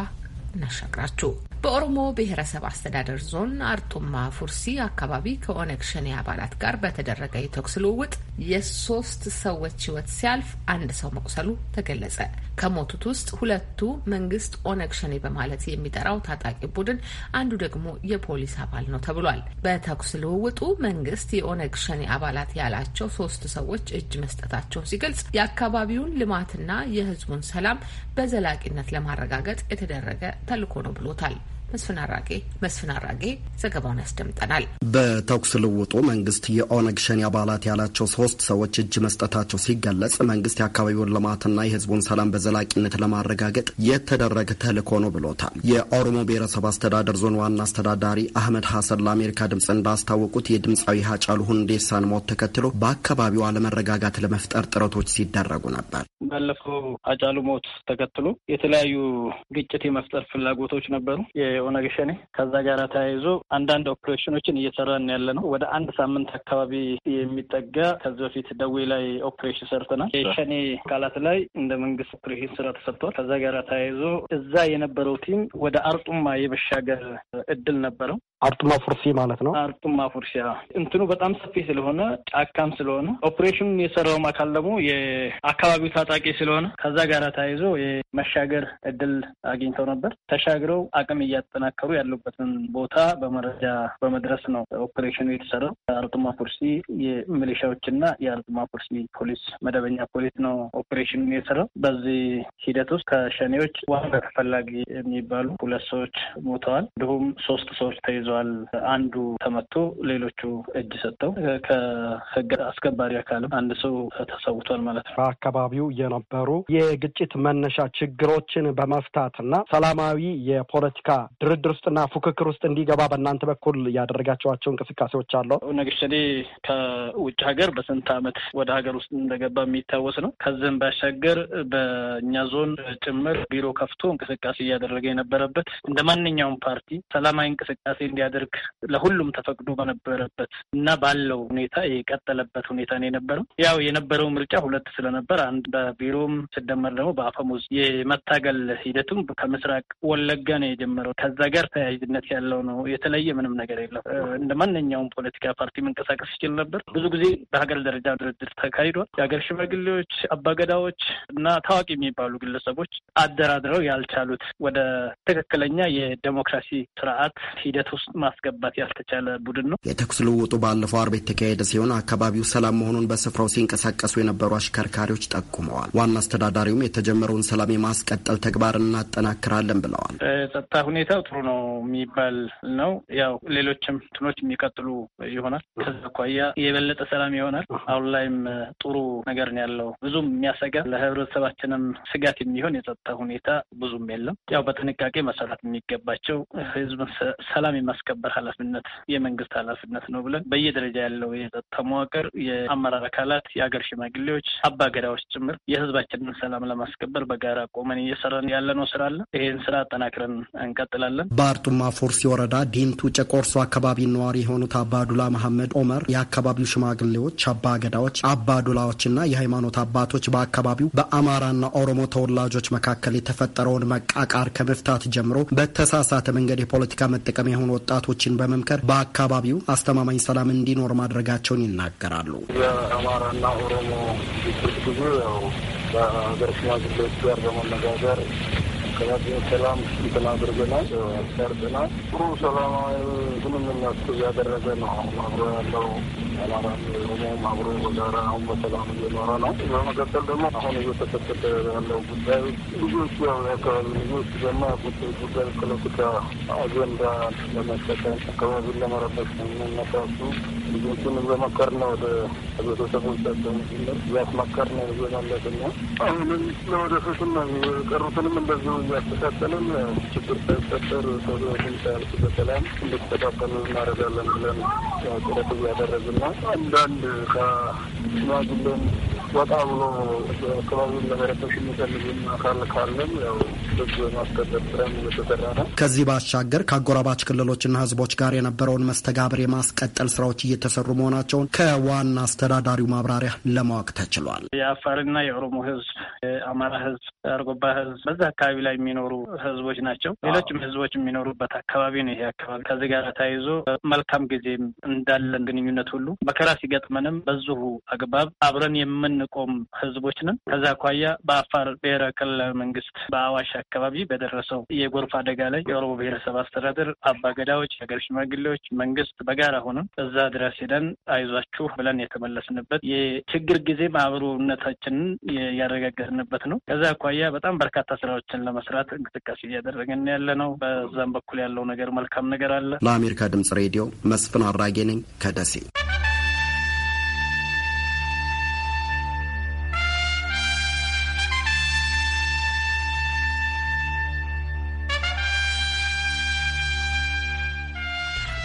እናሻግራችሁ። በኦሮሞ ብሔረሰብ አስተዳደር ዞን አርጡማ ፉርሲ አካባቢ ከኦነግ ሸኔ አባላት ጋር በተደረገ የተኩስ ልውውጥ የሶስት ሰዎች ህይወት ሲያልፍ አንድ ሰው መቁሰሉ ተገለጸ። ከሞቱት ውስጥ ሁለቱ መንግስት ኦነግ ሸኔ በማለት የሚጠራው ታጣቂ ቡድን፣ አንዱ ደግሞ የፖሊስ አባል ነው ተብሏል። በተኩስ ልውውጡ መንግስት የኦነግ ሸኔ አባላት ያላቸው ሶስት ሰዎች እጅ መስጠታቸውን ሲገልጽ የአካባቢውን ልማትና የህዝቡን ሰላም በዘላቂነት ለማረጋገጥ የተደረገ ተልዕኮ ነው ብሎታል። መስፍን አራጌ መስፍን አራጌ ዘገባውን ያስደምጠናል። በተኩስ ልውጡ መንግስት የኦነግ ሸኔ አባላት ያላቸው ሶስት ሰዎች እጅ መስጠታቸው ሲገለጽ መንግስት የአካባቢውን ልማትና የህዝቡን ሰላም በዘላቂነት ለማረጋገጥ የተደረገ ተልዕኮ ነው ብሎታል። የኦሮሞ ብሔረሰብ አስተዳደር ዞን ዋና አስተዳዳሪ አህመድ ሀሰን ለአሜሪካ ድምፅ እንዳስታወቁት የድምፃዊ ሀጫሉ ሁንዴሳን ሞት ተከትሎ በአካባቢው አለመረጋጋት ለመፍጠር ጥረቶች ሲደረጉ ነበር። ባለፈው ሀጫሉ ሞት ተከትሎ የተለያዩ ግጭት የመፍጠር ፍላጎቶች ነበሩ። ኦነግ ሸኔ። ከዛ ጋር ተያይዞ አንዳንድ ኦፕሬሽኖችን እየሰራን ያለ ነው። ወደ አንድ ሳምንት አካባቢ የሚጠጋ ከዚህ በፊት ደዌ ላይ ኦፕሬሽን ሰርተናል። የሸኔ አካላት ላይ እንደ መንግስት ኦፕሬሽን ስራ ተሰጥቷል። ከዛ ጋር ተያይዞ እዛ የነበረው ቲም ወደ አርጡማ የመሻገር እድል ነበረው። አርጡማ ፉርሲ ማለት ነው። አርጡማ ፉርሲ እንትኑ በጣም ሰፊ ስለሆነ ጫካም ስለሆነ ኦፕሬሽኑን የሰራውም አካል ደግሞ የአካባቢው ታጣቂ ስለሆነ ከዛ ጋር ተያይዞ የመሻገር እድል አግኝተው ነበር። ተሻግረው አቅም እያ እየተጠናከሩ ያሉበትን ቦታ በመረጃ በመድረስ ነው ኦፕሬሽኑ የተሰራው። የአርጡማ ፖሊሲ የሚሊሻዎች የአርጡማ ፖሊሲ ፖሊስ መደበኛ ፖሊስ ነው ኦፕሬሽኑ የተሰራው። በዚህ ሂደት ውስጥ ከሸኔዎች ዋጋ ተፈላጊ የሚባሉ ሁለት ሰዎች ሞተዋል፣ እንዲሁም ሶስት ሰዎች ተይዘዋል። አንዱ ተመቶ ሌሎቹ እጅ ሰጠው ከህግ አስከባሪ አካልም አንድ ሰው ተሰውቷል ማለት ነው። በአካባቢው የነበሩ የግጭት መነሻ ችግሮችን በመፍታትና ሰላማዊ የፖለቲካ ድርድር ውስጥና ፉክክር ውስጥ እንዲገባ በእናንተ በኩል ያደረጋቸዋቸው እንቅስቃሴዎች አለው? ነግሸኔ ከውጭ ሀገር በስንት ዓመት ወደ ሀገር ውስጥ እንደገባ የሚታወስ ነው። ከዚህም ባሻገር በእኛ ዞን ጭምር ቢሮ ከፍቶ እንቅስቃሴ እያደረገ የነበረበት እንደ ማንኛውም ፓርቲ ሰላማዊ እንቅስቃሴ እንዲያደርግ ለሁሉም ተፈቅዶ በነበረበት እና ባለው ሁኔታ የቀጠለበት ሁኔታ ነው የነበረው። ያው የነበረው ምርጫ ሁለት ስለነበር አንድ በቢሮም ስደመር ደግሞ በአፈሙዝ የመታገል ሂደቱም ከምስራቅ ወለጋ ነው የጀመረው። ከዛ ጋር ተያያዥነት ያለው ነው። የተለየ ምንም ነገር የለም። እንደ ማንኛውም ፖለቲካ ፓርቲ መንቀሳቀስ ይችል ነበር። ብዙ ጊዜ በሀገር ደረጃ ድርድር ተካሂዷል። የሀገር ሽማግሌዎች፣ አባገዳዎች እና ታዋቂ የሚባሉ ግለሰቦች አደራድረው ያልቻሉት ወደ ትክክለኛ የዴሞክራሲ ስርዓት ሂደት ውስጥ ማስገባት ያልተቻለ ቡድን ነው። የተኩስ ልውውጡ ባለፈው አርብ የተካሄደ ሲሆን አካባቢው ሰላም መሆኑን በስፍራው ሲንቀሳቀሱ የነበሩ አሽከርካሪዎች ጠቁመዋል። ዋና አስተዳዳሪውም የተጀመረውን ሰላም የማስቀጠል ተግባር እናጠናክራለን ብለዋል። ጸጥታ ሁኔታ ጥሩ ነው የሚባል ነው። ያው ሌሎችም ትኖች የሚቀጥሉ ይሆናል። ከዛ አኳያ የበለጠ ሰላም ይሆናል። አሁን ላይም ጥሩ ነገር ነው ያለው። ብዙም የሚያሰጋ ለህብረተሰባችንም ስጋት የሚሆን የጸጥታ ሁኔታ ብዙም የለም። ያው በጥንቃቄ መሰራት የሚገባቸው ህዝብ ሰላም የማስከበር ኃላፊነት የመንግስት ኃላፊነት ነው ብለን በየደረጃ ያለው የጸጥታ መዋቅር፣ የአመራር አካላት፣ የአገር ሽማግሌዎች፣ አባገዳዎች ጭምር የህዝባችንን ሰላም ለማስከበር በጋራ ቆመን እየሰራን ያለነው ስራ አለ። ይህን ስራ አጠናክረን እንቀጥል እንላለን። በአርጡማ ፎርሲ ወረዳ ዲንቱ ጨቆርሶ አካባቢ ነዋሪ የሆኑት አባዱላ መሐመድ ኦመር የአካባቢው ሽማግሌዎች፣ አባገዳዎች፣ አባዱላዎችና የሃይማኖት አባቶች በአካባቢው በአማራና ኦሮሞ ተወላጆች መካከል የተፈጠረውን መቃቃር ከመፍታት ጀምሮ በተሳሳተ መንገድ የፖለቲካ መጠቀም የሆኑ ወጣቶችን በመምከር በአካባቢው አስተማማኝ ሰላም እንዲኖር ማድረጋቸውን ይናገራሉ። የአማራና ኦሮሞ ብዙ ያው በሀገር ሽማግሌዎች ጋር በመነጋገር ምክንያቱም ሰላም እንትን አድርገናል ሰርተናል። ጥሩ ሰላማዊ ያደረገ ነው አብሮ ያለው አብሮ በጋራ አሁን በሰላም እየኖረ ነው። በመቀጠል ደግሞ አሁን እየተከተለ ያለው ጉዳይ ልጆች የአካባቢ ልጆች ጉዳይ ፖለቲካ አጀንዳ ለመጠቀም አካባቢን ለመረበሽ የሚነሳሱ ልጆቹን በመከር ነው ወደ ቤተሰቦቻቸው ነው አሁንም ለወደፊትም ቀሩትንም እንደዚሁ ያስተሳሰንን ችግር ሳይፈጠር ሰዎችን ሳያልፍ በሰላም እንድተባበሉ እናደርጋለን ብለን ጥረት እያደረግን ነው። አንዳንድ ከሽማግሌም ወጣ ብሎ አካባቢውን ለመረበሽ የሚፈልጉን አካል ካለም ያው ህዝብ የማስከበር ስራ እየተሰራ ነው። ከዚህ ባሻገር ከአጎራባች ክልሎችና ህዝቦች ጋር የነበረውን መስተጋብር የማስቀጠል ስራዎች እየተሰሩ መሆናቸውን ከዋና አስተዳዳሪው ማብራሪያ ለማወቅ ተችሏል። የአፋርና የኦሮሞ ህዝብ፣ የአማራ ህዝብ፣ አርጎባ ህዝብ በዛ አካባቢ ላይ የሚኖሩ ህዝቦች ናቸው። ሌሎችም ህዝቦች የሚኖሩበት አካባቢ ነው። ይሄ አካባቢ ከዚህ ጋር ተያይዞ መልካም ጊዜም እንዳለን ግንኙነት ሁሉ መከራ ሲገጥመንም በዚሁ አግባብ አብረን የምን የምንቆም ህዝቦች ነን። ከዛ አኳያ በአፋር ብሔራዊ ክልላዊ መንግስት በአዋሽ አካባቢ በደረሰው የጎርፍ አደጋ ላይ የኦሮሞ ብሔረሰብ አስተዳደር አባገዳዎች፣ ሀገር ሽማግሌዎች፣ መንግስት በጋራ ሆነን እዛ ድረስ ሄደን አይዟችሁ ብለን የተመለስንበት የችግር ጊዜ ማህበሩነታችንን ያረጋገጥንበት ነው። ከዛ አኳያ በጣም በርካታ ስራዎችን ለመስራት እንቅስቃሴ እያደረገን ያለ ነው። በዛም በኩል ያለው ነገር መልካም ነገር አለ። ለአሜሪካ ድምጽ ሬዲዮ መስፍን አራጌ ነኝ ከደሴ።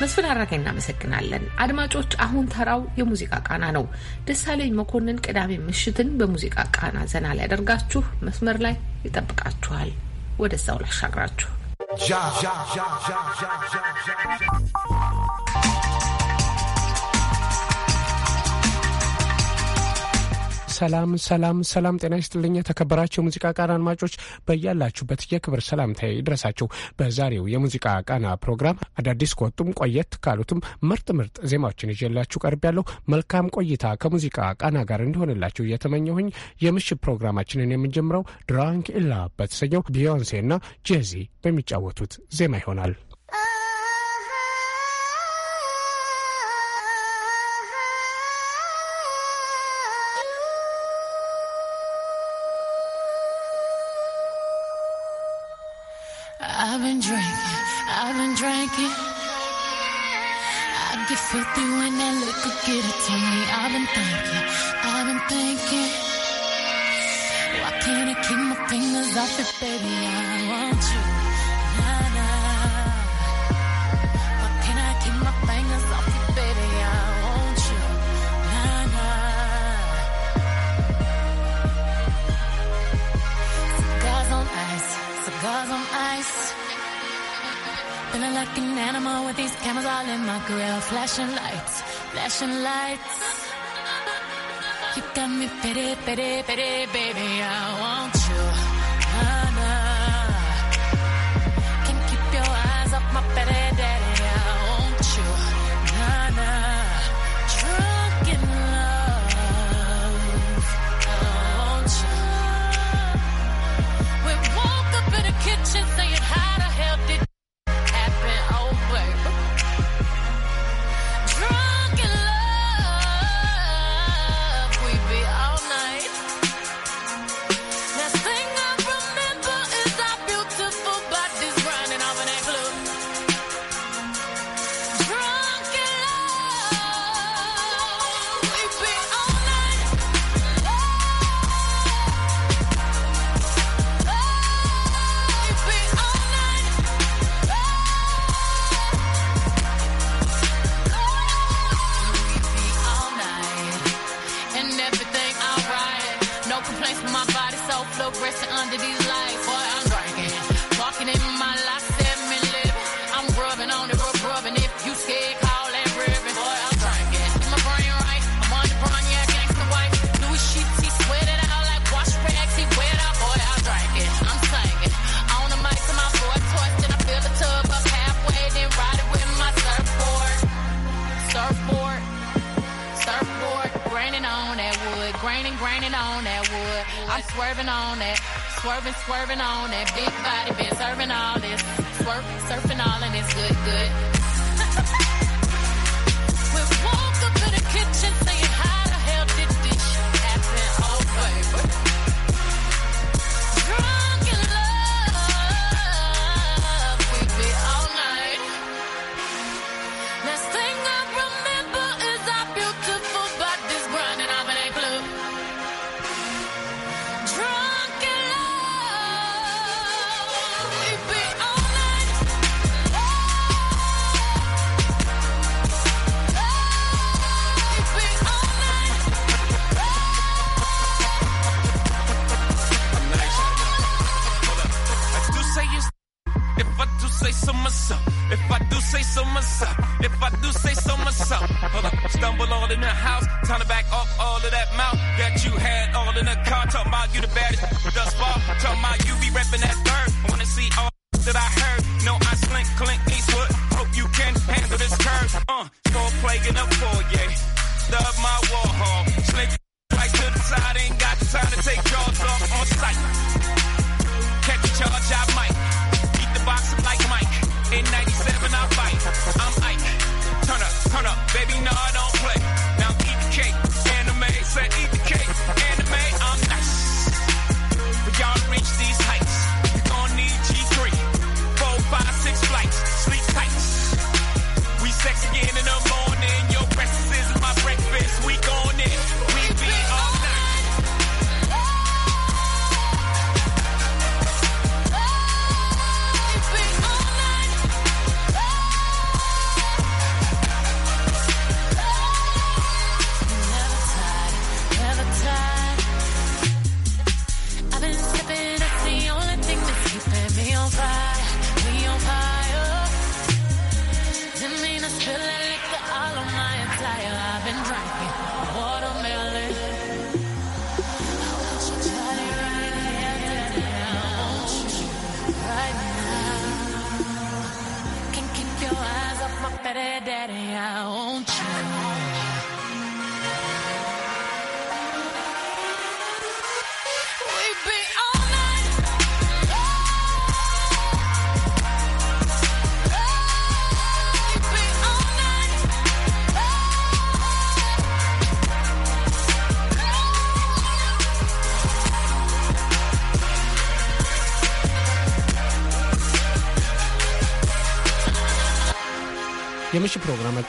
መስፍን አራጋ እናመሰግናለን። አድማጮች፣ አሁን ተራው የሙዚቃ ቃና ነው። ደሳለኝ መኮንን ቅዳሜ ምሽትን በሙዚቃ ቃና ዘና ሊያደርጋችሁ መስመር ላይ ይጠብቃችኋል። ወደዛው ላሻግራችሁ። ሰላም ሰላም ሰላም። ጤና ይስጥልኝ የተከበራቸው የሙዚቃ ቃና አድማጮች በያላችሁበት የክብር ሰላምታ ይድረሳችሁ። በዛሬው የሙዚቃ ቃና ፕሮግራም አዳዲስ ከወጡም ቆየት ካሉትም ምርጥ ምርጥ ዜማዎችን ይዤላችሁ ቀርቤያለሁ። መልካም ቆይታ ከሙዚቃ ቃና ጋር እንዲሆንላችሁ እየተመኘሁኝ የምሽት ፕሮግራማችንን የምንጀምረው ድራንክ ኢላ በተሰኘው ቢዮንሴና ጄዚ በሚጫወቱት ዜማ ይሆናል። baby, I want you. can I keep my fingers off you, baby? I want you. on ice, on ice. Feeling like an animal with these cameras all in my grill. Flashing lights, flashing lights. You got me pity, pity, pity, baby. I want up my Warhol. Slick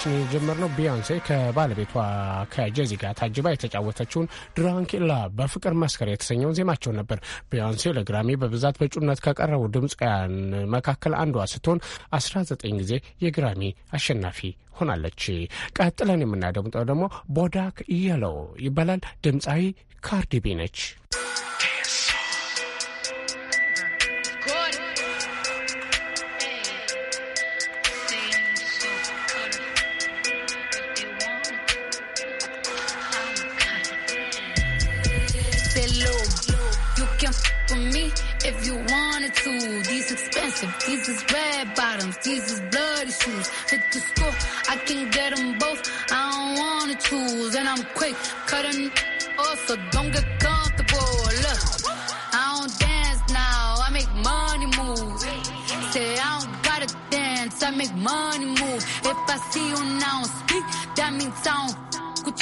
ዝግጅታችን የጀመርነው ቢያንሴ ከባለቤቷ ከጄዚ ጋር ታጅባ የተጫወተችውን ድራንኪላ በፍቅር መስከር የተሰኘውን ዜማቸውን ነበር። ቢያንሴ ለግራሚ በብዛት በእጩነት ከቀረቡ ድምፃውያን መካከል አንዷ ስትሆን 19 ጊዜ የግራሚ አሸናፊ ሆናለች። ቀጥለን የምናደምጠው ደግሞ ቦዳክ የለው ይባላል። ድምፃዊ ካርዲቢ ነች። on me if you wanted to. These expensive, these is red bottoms, these is bloody shoes. Hit the score, I can get them both. I don't wanna choose, and I'm quick cutting off, so don't get comfortable. Look, I don't dance now, I make money move. Say I don't gotta dance, I make money move. If I see you now speak, that means I don't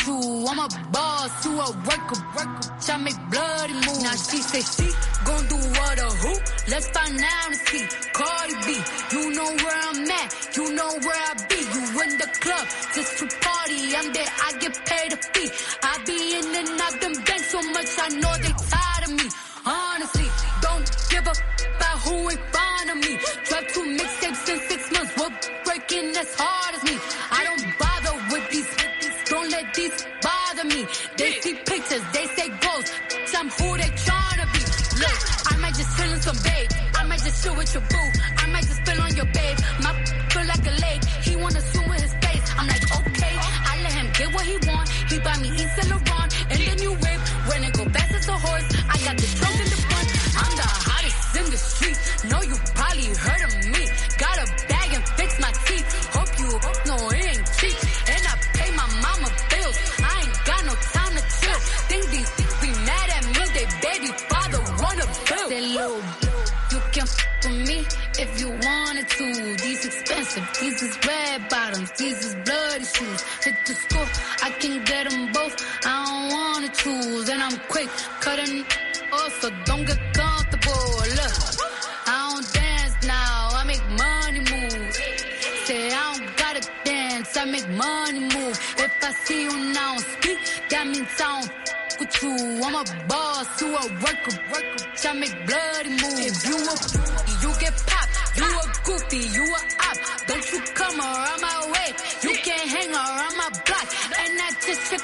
I'm a boss to a worker. worker. I make bloody moves. Now she say she gon' do what or who? Let's find out and see. Cardi B, you know where I'm at. You know where I be. You in the club just to party. I'm there. I get paid a fee. I be in and out them bands so much. I know they tired of me. Honestly, don't give up about who in front of me. Drop two mixtapes in six months. We're breaking this hard. streets bother me. They see pictures, they say ghosts. Some who they tryna be. Look, I might just chill in some babe. I might just chill with your boo. I might just spill on your babe. My feel like a lake. He wanna swim with his face. I'm like, okay. I let him get what he want. He buy me East and Laurent. And then you whip. When it go fast as a horse. I got the trophy.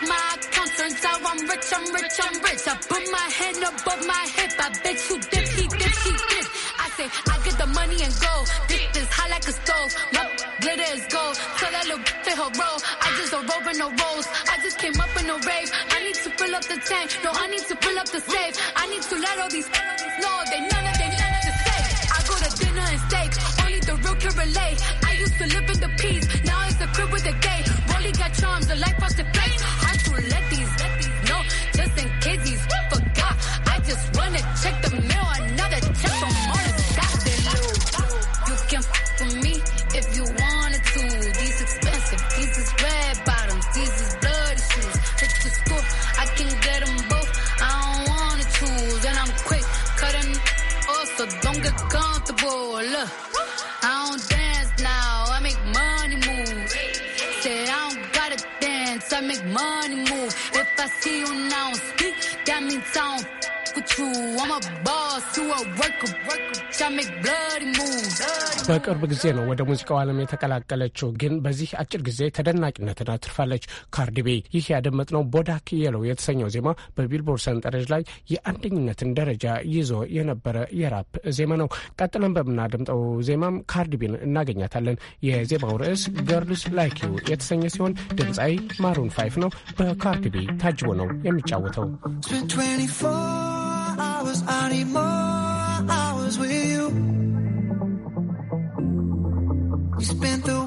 my account. Turns out I'm rich, I'm rich, I'm rich. I put my hand above my hip. I bet you dip, she dip, she dip. I say, I get the money and go. This is hot like a stove. My glitter is gold. Tell that little to her roll. I just a rope and no rolls. I just came up in a rave. I need to fill up the tank. No, I need to fill up the safe. I need to let all these know they none of them none of the safe. I go to dinner and steak. Only the real can relate. I used to live in the peace. Now it's a crib with a gate. Rolly got charms. The life was the face. look, I don't dance now, I make money move. Say I don't gotta dance, I make money move. If I see you now speak, that means I don't በቅርብ ጊዜ ነው ወደ ሙዚቃው ዓለም የተቀላቀለችው፣ ግን በዚህ አጭር ጊዜ ተደናቂነትን አትርፋለች። ካርዲቤ ይህ ያደመጥነው ቦዳክ የለው የተሰኘው ዜማ በቢልቦርድ ሰንጠረዥ ላይ የአንደኝነትን ደረጃ ይዞ የነበረ የራፕ ዜማ ነው። ቀጥለን በምናደምጠው ዜማም ካርዲቤን እናገኛታለን። የዜማው ርዕስ ገርልስ ላይክ ዩ የተሰኘ ሲሆን ድምፃዊ ማሩን ፋይፍ ነው። በካርዲቤ ታጅቦ ነው የሚጫወተው። hours, I need more hours with you. We spent the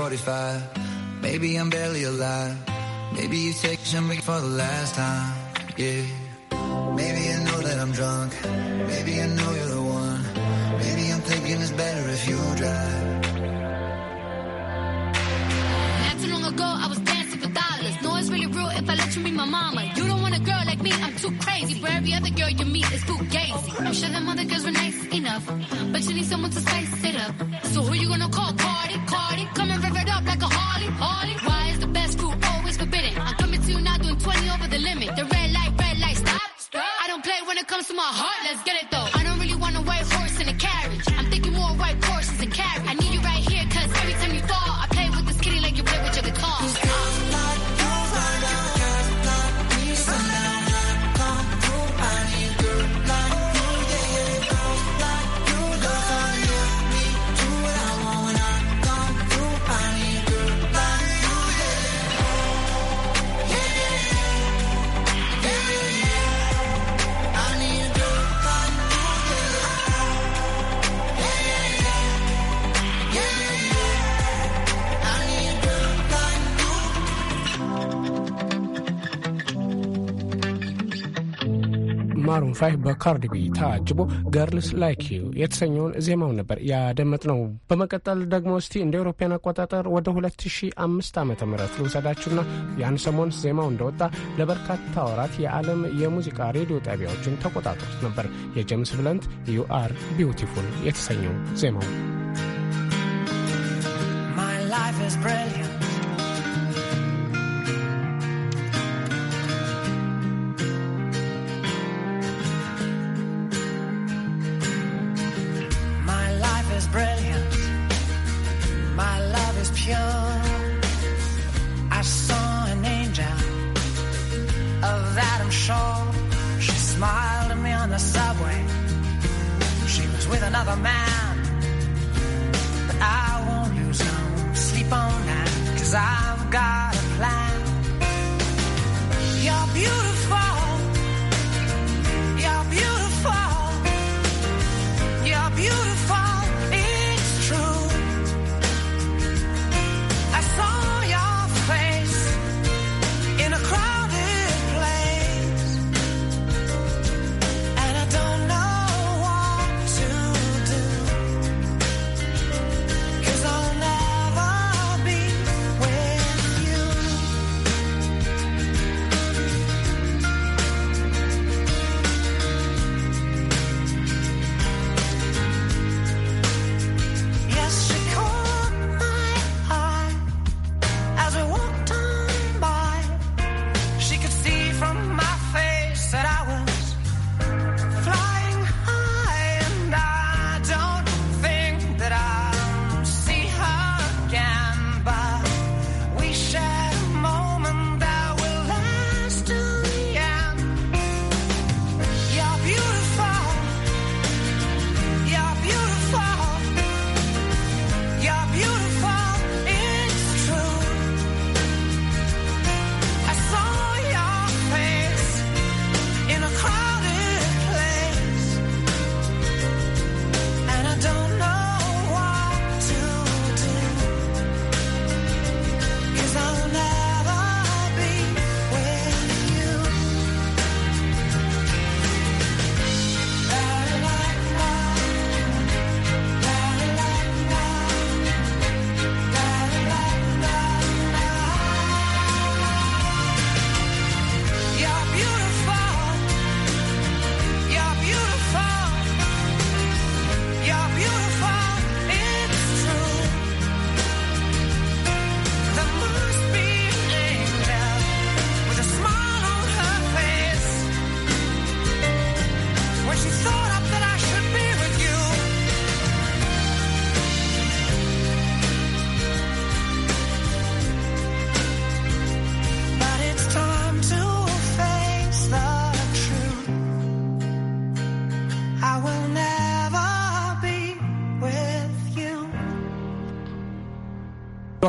45. Maybe I'm barely alive. Maybe you take something for the last time. Yeah. ፋይ ቢ ታጅቦ ገርልስ ላይክ ዩ የተሰኘውን ዜማውን ነበር ያደመጥ ነው። በመቀጠል ደግሞ እስቲ እንደ ኤሮፓያን አቆጣጠር ወደ 2005 ዓ ም ልውሰዳችሁና ያን ሰሞን ዜማው እንደወጣ ለበርካታ ወራት የዓለም የሙዚቃ ሬዲዮ ጣቢያዎችን ተቆጣጥሮት ነበር። የጄምስ ብለንት ዩ አር ቢውቲፉል የተሰኘው ዜማው My life is brilliant.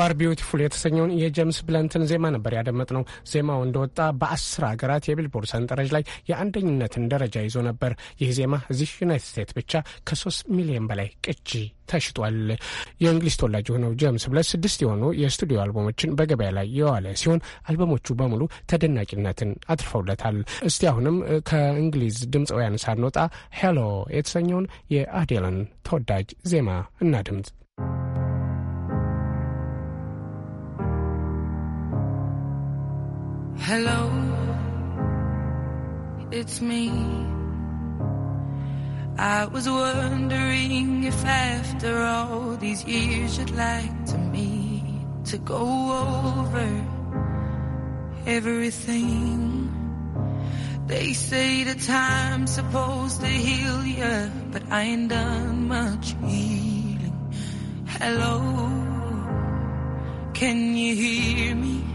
አር ቢዩቲፉል የተሰኘውን የጀምስ ብለንትን ዜማ ነበር ያደመጥ ነው። ዜማው እንደወጣ በአስር ሀገራት የቢልቦርድ ሰንጠረዥ ላይ የአንደኝነትን ደረጃ ይዞ ነበር። ይህ ዜማ እዚህ ዩናይትድ ስቴትስ ብቻ ከሶስት ሚሊዮን በላይ ቅጂ ተሽጧል። የእንግሊዝ ተወላጅ የሆነው ጀምስ ብለት ስድስት የሆኑ የስቱዲዮ አልበሞችን በገበያ ላይ የዋለ ሲሆን አልበሞቹ በሙሉ ተደናቂነትን አትርፈውለታል። እስቲ አሁንም ከእንግሊዝ ድምፃውያን ሳንወጣ ሄሎ የተሰኘውን የአዴልን ተወዳጅ ዜማ እናድምጥ። Hello, it's me. I was wondering if after all these years you'd like to me to go over everything. They say the time's supposed to heal you, but I ain't done much healing. Hello, can you hear me?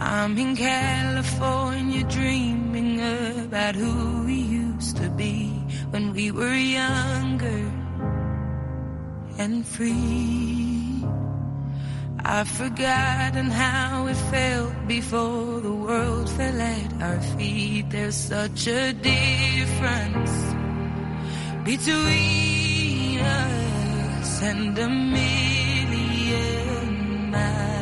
I'm in California dreaming about who we used to be when we were younger and free. I've forgotten how it felt before the world fell at our feet. There's such a difference between us and a million miles.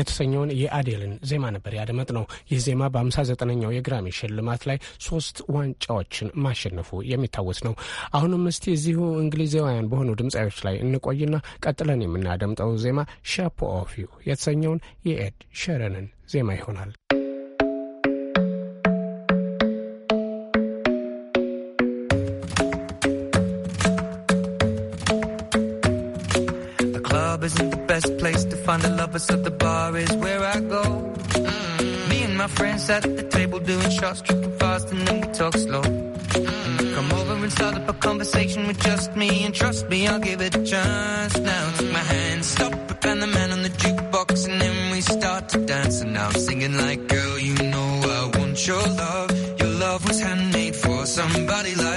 የተሰኘውን የአዴልን ዜማ ነበር ያደመጥ ነው። ይህ ዜማ በአምሳ ዘጠነኛው ኛው የግራሚ ሽልማት ላይ ሶስት ዋንጫዎችን ማሸነፉ የሚታወስ ነው። አሁንም እስቲ እዚሁ እንግሊዛውያን በሆኑ ድምፃዮች ላይ እንቆይና ቀጥለን የምናደምጠው ዜማ ሻፖ ኦፍ ዩ የተሰኘውን የኤድ ሸረንን ዜማ ይሆናል። find a lover, so the bar is where I go. Mm. Me and my friends at the table doing shots, tripping fast, and then we talk slow. Mm. Come over and start up a conversation with just me, and trust me, I'll give it a chance. Now take my hand, stop it, and the man on the jukebox, and then we start to dance. And now I'm singing like, girl, you know I want your love. Your love was handmade for somebody like.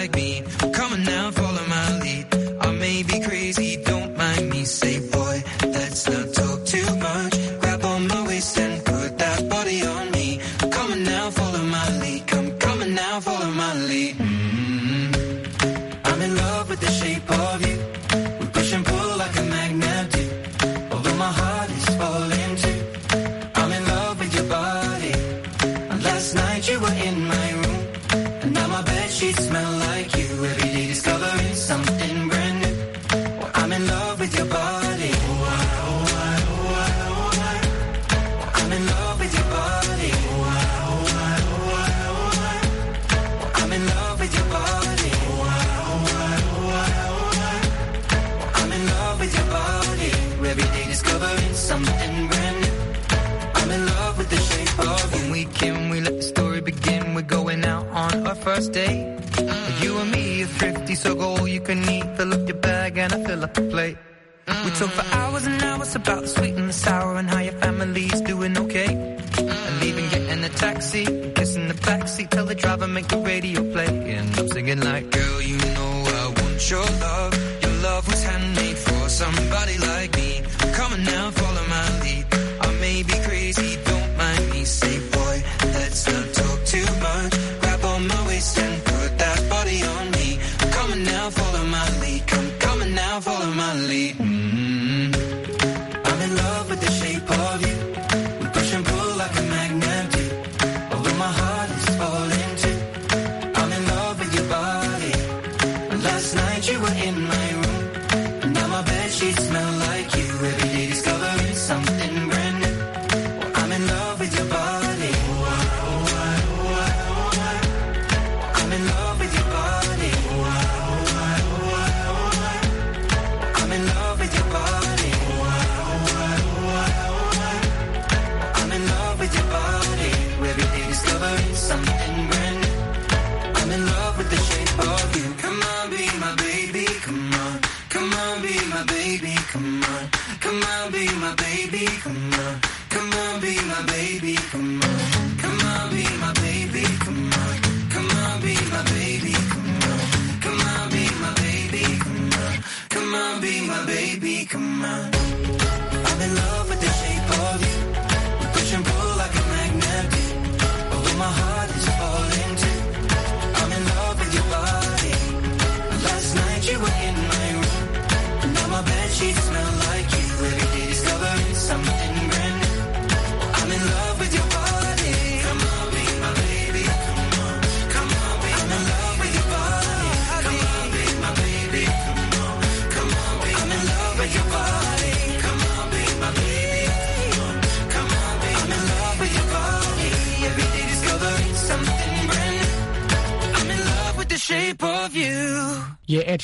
play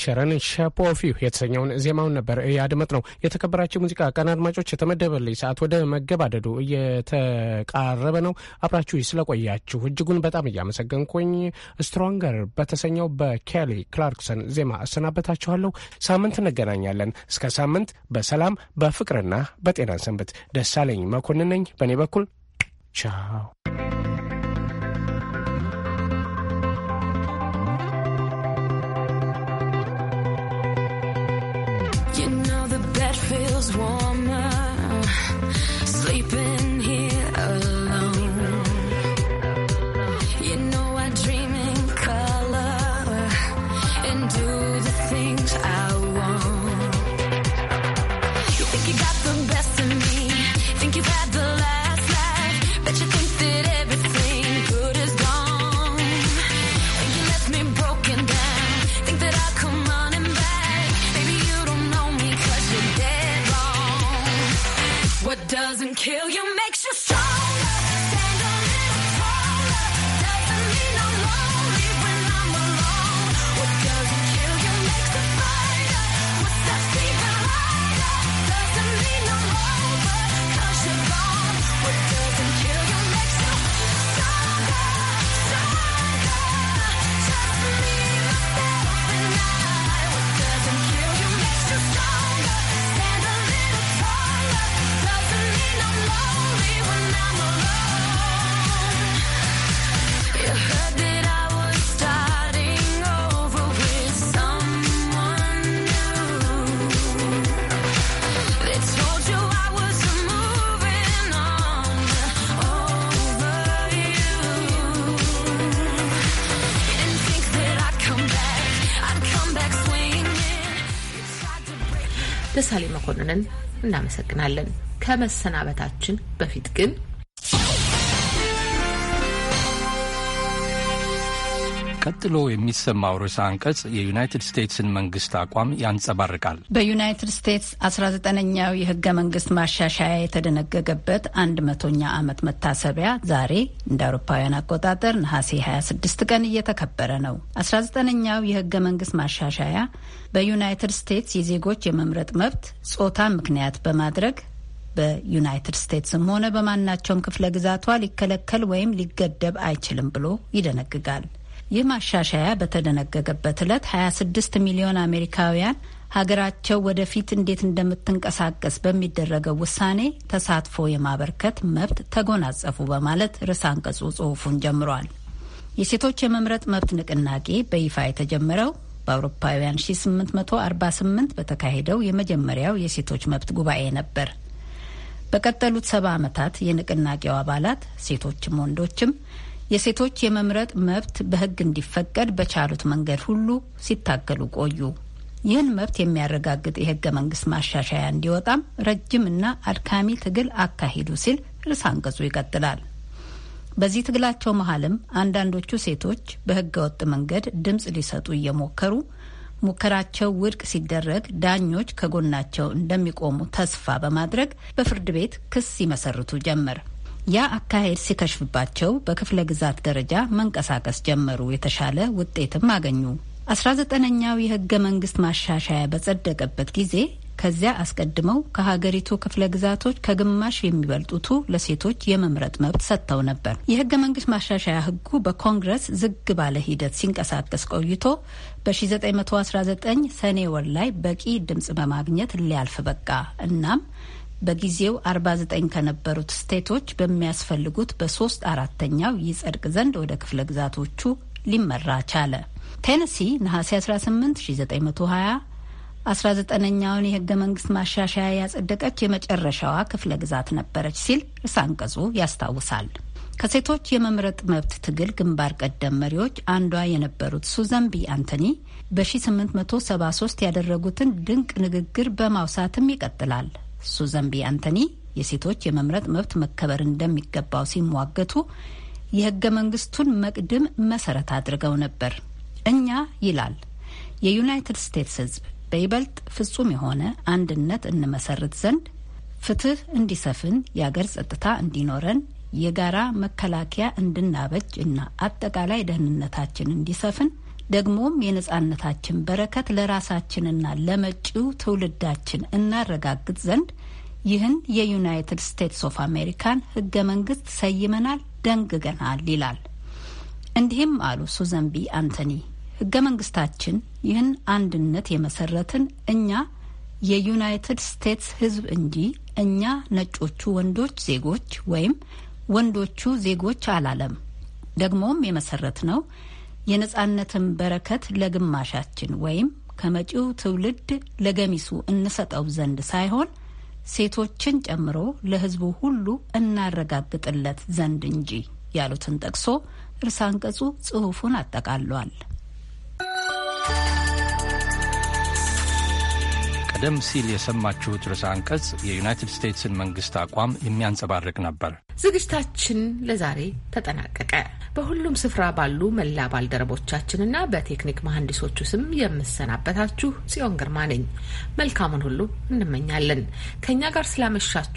ሸረን ሸፖፍ ዩ የተሰኘውን ዜማውን ነበር ያድመጥ ነው። የተከበራቸው ሙዚቃ ቀን አድማጮች፣ የተመደበልኝ ሰዓት ወደ መገባደዱ እየተቃረበ ነው። አብራችሁ ስለቆያችሁ እጅጉን በጣም እያመሰገንኩኝ ስትሮንገር በተሰኘው በኬሊ ክላርክሰን ዜማ እሰናበታችኋለሁ። ሳምንት እንገናኛለን። እስከ ሳምንት በሰላም በፍቅርና በጤና ሰንበት። ደሳለኝ መኮንን ነኝ። በእኔ በኩል ቻው። Was one. እናመሰግናለን። ከመሰናበታችን በፊት ግን ቀጥሎ የሚሰማው ርዕሰ አንቀጽ የዩናይትድ ስቴትስን መንግስት አቋም ያንጸባርቃል። በዩናይትድ ስቴትስ አስራ ዘጠነኛው የህገ መንግስት ማሻሻያ የተደነገገበት አንድ መቶኛ ዓመት መታሰቢያ ዛሬ እንደ አውሮፓውያን አቆጣጠር ነሐሴ 26 ቀን እየተከበረ ነው አስራ 19ኛው የህገ መንግስት ማሻሻያ በዩናይትድ ስቴትስ የዜጎች የመምረጥ መብት ጾታ ምክንያት በማድረግ በዩናይትድ ስቴትስም ሆነ በማናቸውም ክፍለ ግዛቷ ሊከለከል ወይም ሊገደብ አይችልም ብሎ ይደነግጋል። ይህ ማሻሻያ በተደነገገበት ዕለት 26 ሚሊዮን አሜሪካውያን ሀገራቸው ወደፊት እንዴት እንደምትንቀሳቀስ በሚደረገው ውሳኔ ተሳትፎ የማበርከት መብት ተጎናጸፉ በማለት ርዕሰ አንቀጹ ጽሑፉን ጀምሯል። የሴቶች የመምረጥ መብት ንቅናቄ በይፋ የተጀመረው በአውሮፓውያን 1848 በተካሄደው የመጀመሪያው የሴቶች መብት ጉባኤ ነበር። በቀጠሉት ሰባ ዓመታት የንቅናቄው አባላት ሴቶችም ወንዶችም የሴቶች የመምረጥ መብት በሕግ እንዲፈቀድ በቻሉት መንገድ ሁሉ ሲታገሉ ቆዩ። ይህን መብት የሚያረጋግጥ የህገ መንግስት ማሻሻያ እንዲወጣም ረጅምና አድካሚ ትግል አካሂዱ ሲል ርዕስ አንቀጹ ይቀጥላል። በዚህ ትግላቸው መሀልም አንዳንዶቹ ሴቶች በህገ ወጥ መንገድ ድምፅ ሊሰጡ እየሞከሩ ሙከራቸው ውድቅ ሲደረግ ዳኞች ከጎናቸው እንደሚቆሙ ተስፋ በማድረግ በፍርድ ቤት ክስ ይመሰርቱ ጀመር። ያ አካሄድ ሲከሽፍባቸው በክፍለ ግዛት ደረጃ መንቀሳቀስ ጀመሩ። የተሻለ ውጤትም አገኙ። አስራ ዘጠነኛው የህገ መንግስት ማሻሻያ በጸደቀበት ጊዜ ከዚያ አስቀድመው ከሀገሪቱ ክፍለ ግዛቶች ከግማሽ የሚበልጡቱ ለሴቶች የመምረጥ መብት ሰጥተው ነበር። የህገ መንግስት ማሻሻያ ህጉ በኮንግረስ ዝግ ባለ ሂደት ሲንቀሳቀስ ቆይቶ በ1919 ሰኔ ወር ላይ በቂ ድምፅ በማግኘት ሊያልፍ በቃ። እናም በጊዜው 49 ከነበሩት ስቴቶች በሚያስፈልጉት በሶስት አራተኛው ይጸድቅ ዘንድ ወደ ክፍለ ግዛቶቹ ሊመራ ቻለ። ቴነሲ ነሐሴ 18 1920 19ኛውን የህገ መንግስት ማሻሻያ ያጸደቀች የመጨረሻዋ ክፍለ ግዛት ነበረች ሲል ርዕሰ አንቀጹ ያስታውሳል። ከሴቶች የመምረጥ መብት ትግል ግንባር ቀደም መሪዎች አንዷ የነበሩት ሱዘን ቢ አንቶኒ በ1873 ያደረጉትን ድንቅ ንግግር በማውሳትም ይቀጥላል። ሱዘን ቢ አንተኒ የሴቶች የመምረጥ መብት መከበር እንደሚገባው ሲሟገቱ የህገ መንግስቱን መቅድም መሰረት አድርገው ነበር። እኛ ይላል የዩናይትድ ስቴትስ ህዝብ በይበልጥ ፍጹም የሆነ አንድነት እንመሰርት ዘንድ ፍትህ እንዲሰፍን፣ የአገር ጸጥታ እንዲኖረን፣ የጋራ መከላከያ እንድናበጅ እና አጠቃላይ ደህንነታችን እንዲሰፍን ደግሞም የነጻነታችን በረከት ለራሳችንና ለመጪው ትውልዳችን እናረጋግጥ ዘንድ ይህን የዩናይትድ ስቴትስ ኦፍ አሜሪካን ህገ መንግስት ሰይመናል፣ ደንግገናል ይላል። እንዲህም አሉ ሱዘንቢ አንቶኒ። ህገ መንግስታችን ይህን አንድነት የመሰረትን እኛ የዩናይትድ ስቴትስ ህዝብ እንጂ እኛ ነጮቹ ወንዶች ዜጎች ወይም ወንዶቹ ዜጎች አላለም። ደግሞም የመሰረት ነው የነጻነትን በረከት ለግማሻችን ወይም ከመጪው ትውልድ ለገሚሱ እንሰጠው ዘንድ ሳይሆን ሴቶችን ጨምሮ ለሕዝቡ ሁሉ እናረጋግጥለት ዘንድ እንጂ ያሉትን ጠቅሶ እርሳንቀጹ ጽሁፉን ጽሑፉን አጠቃሏል። ቀደም ሲል የሰማችሁት ርዕሰ አንቀጽ የዩናይትድ ስቴትስን መንግስት አቋም የሚያንጸባርቅ ነበር። ዝግጅታችን ለዛሬ ተጠናቀቀ። በሁሉም ስፍራ ባሉ መላ ባልደረቦቻችንና በቴክኒክ መሐንዲሶቹ ስም የምሰናበታችሁ ጽዮን ግርማ ነኝ። መልካሙን ሁሉ እንመኛለን። ከእኛ ጋር ስላመሻችሁ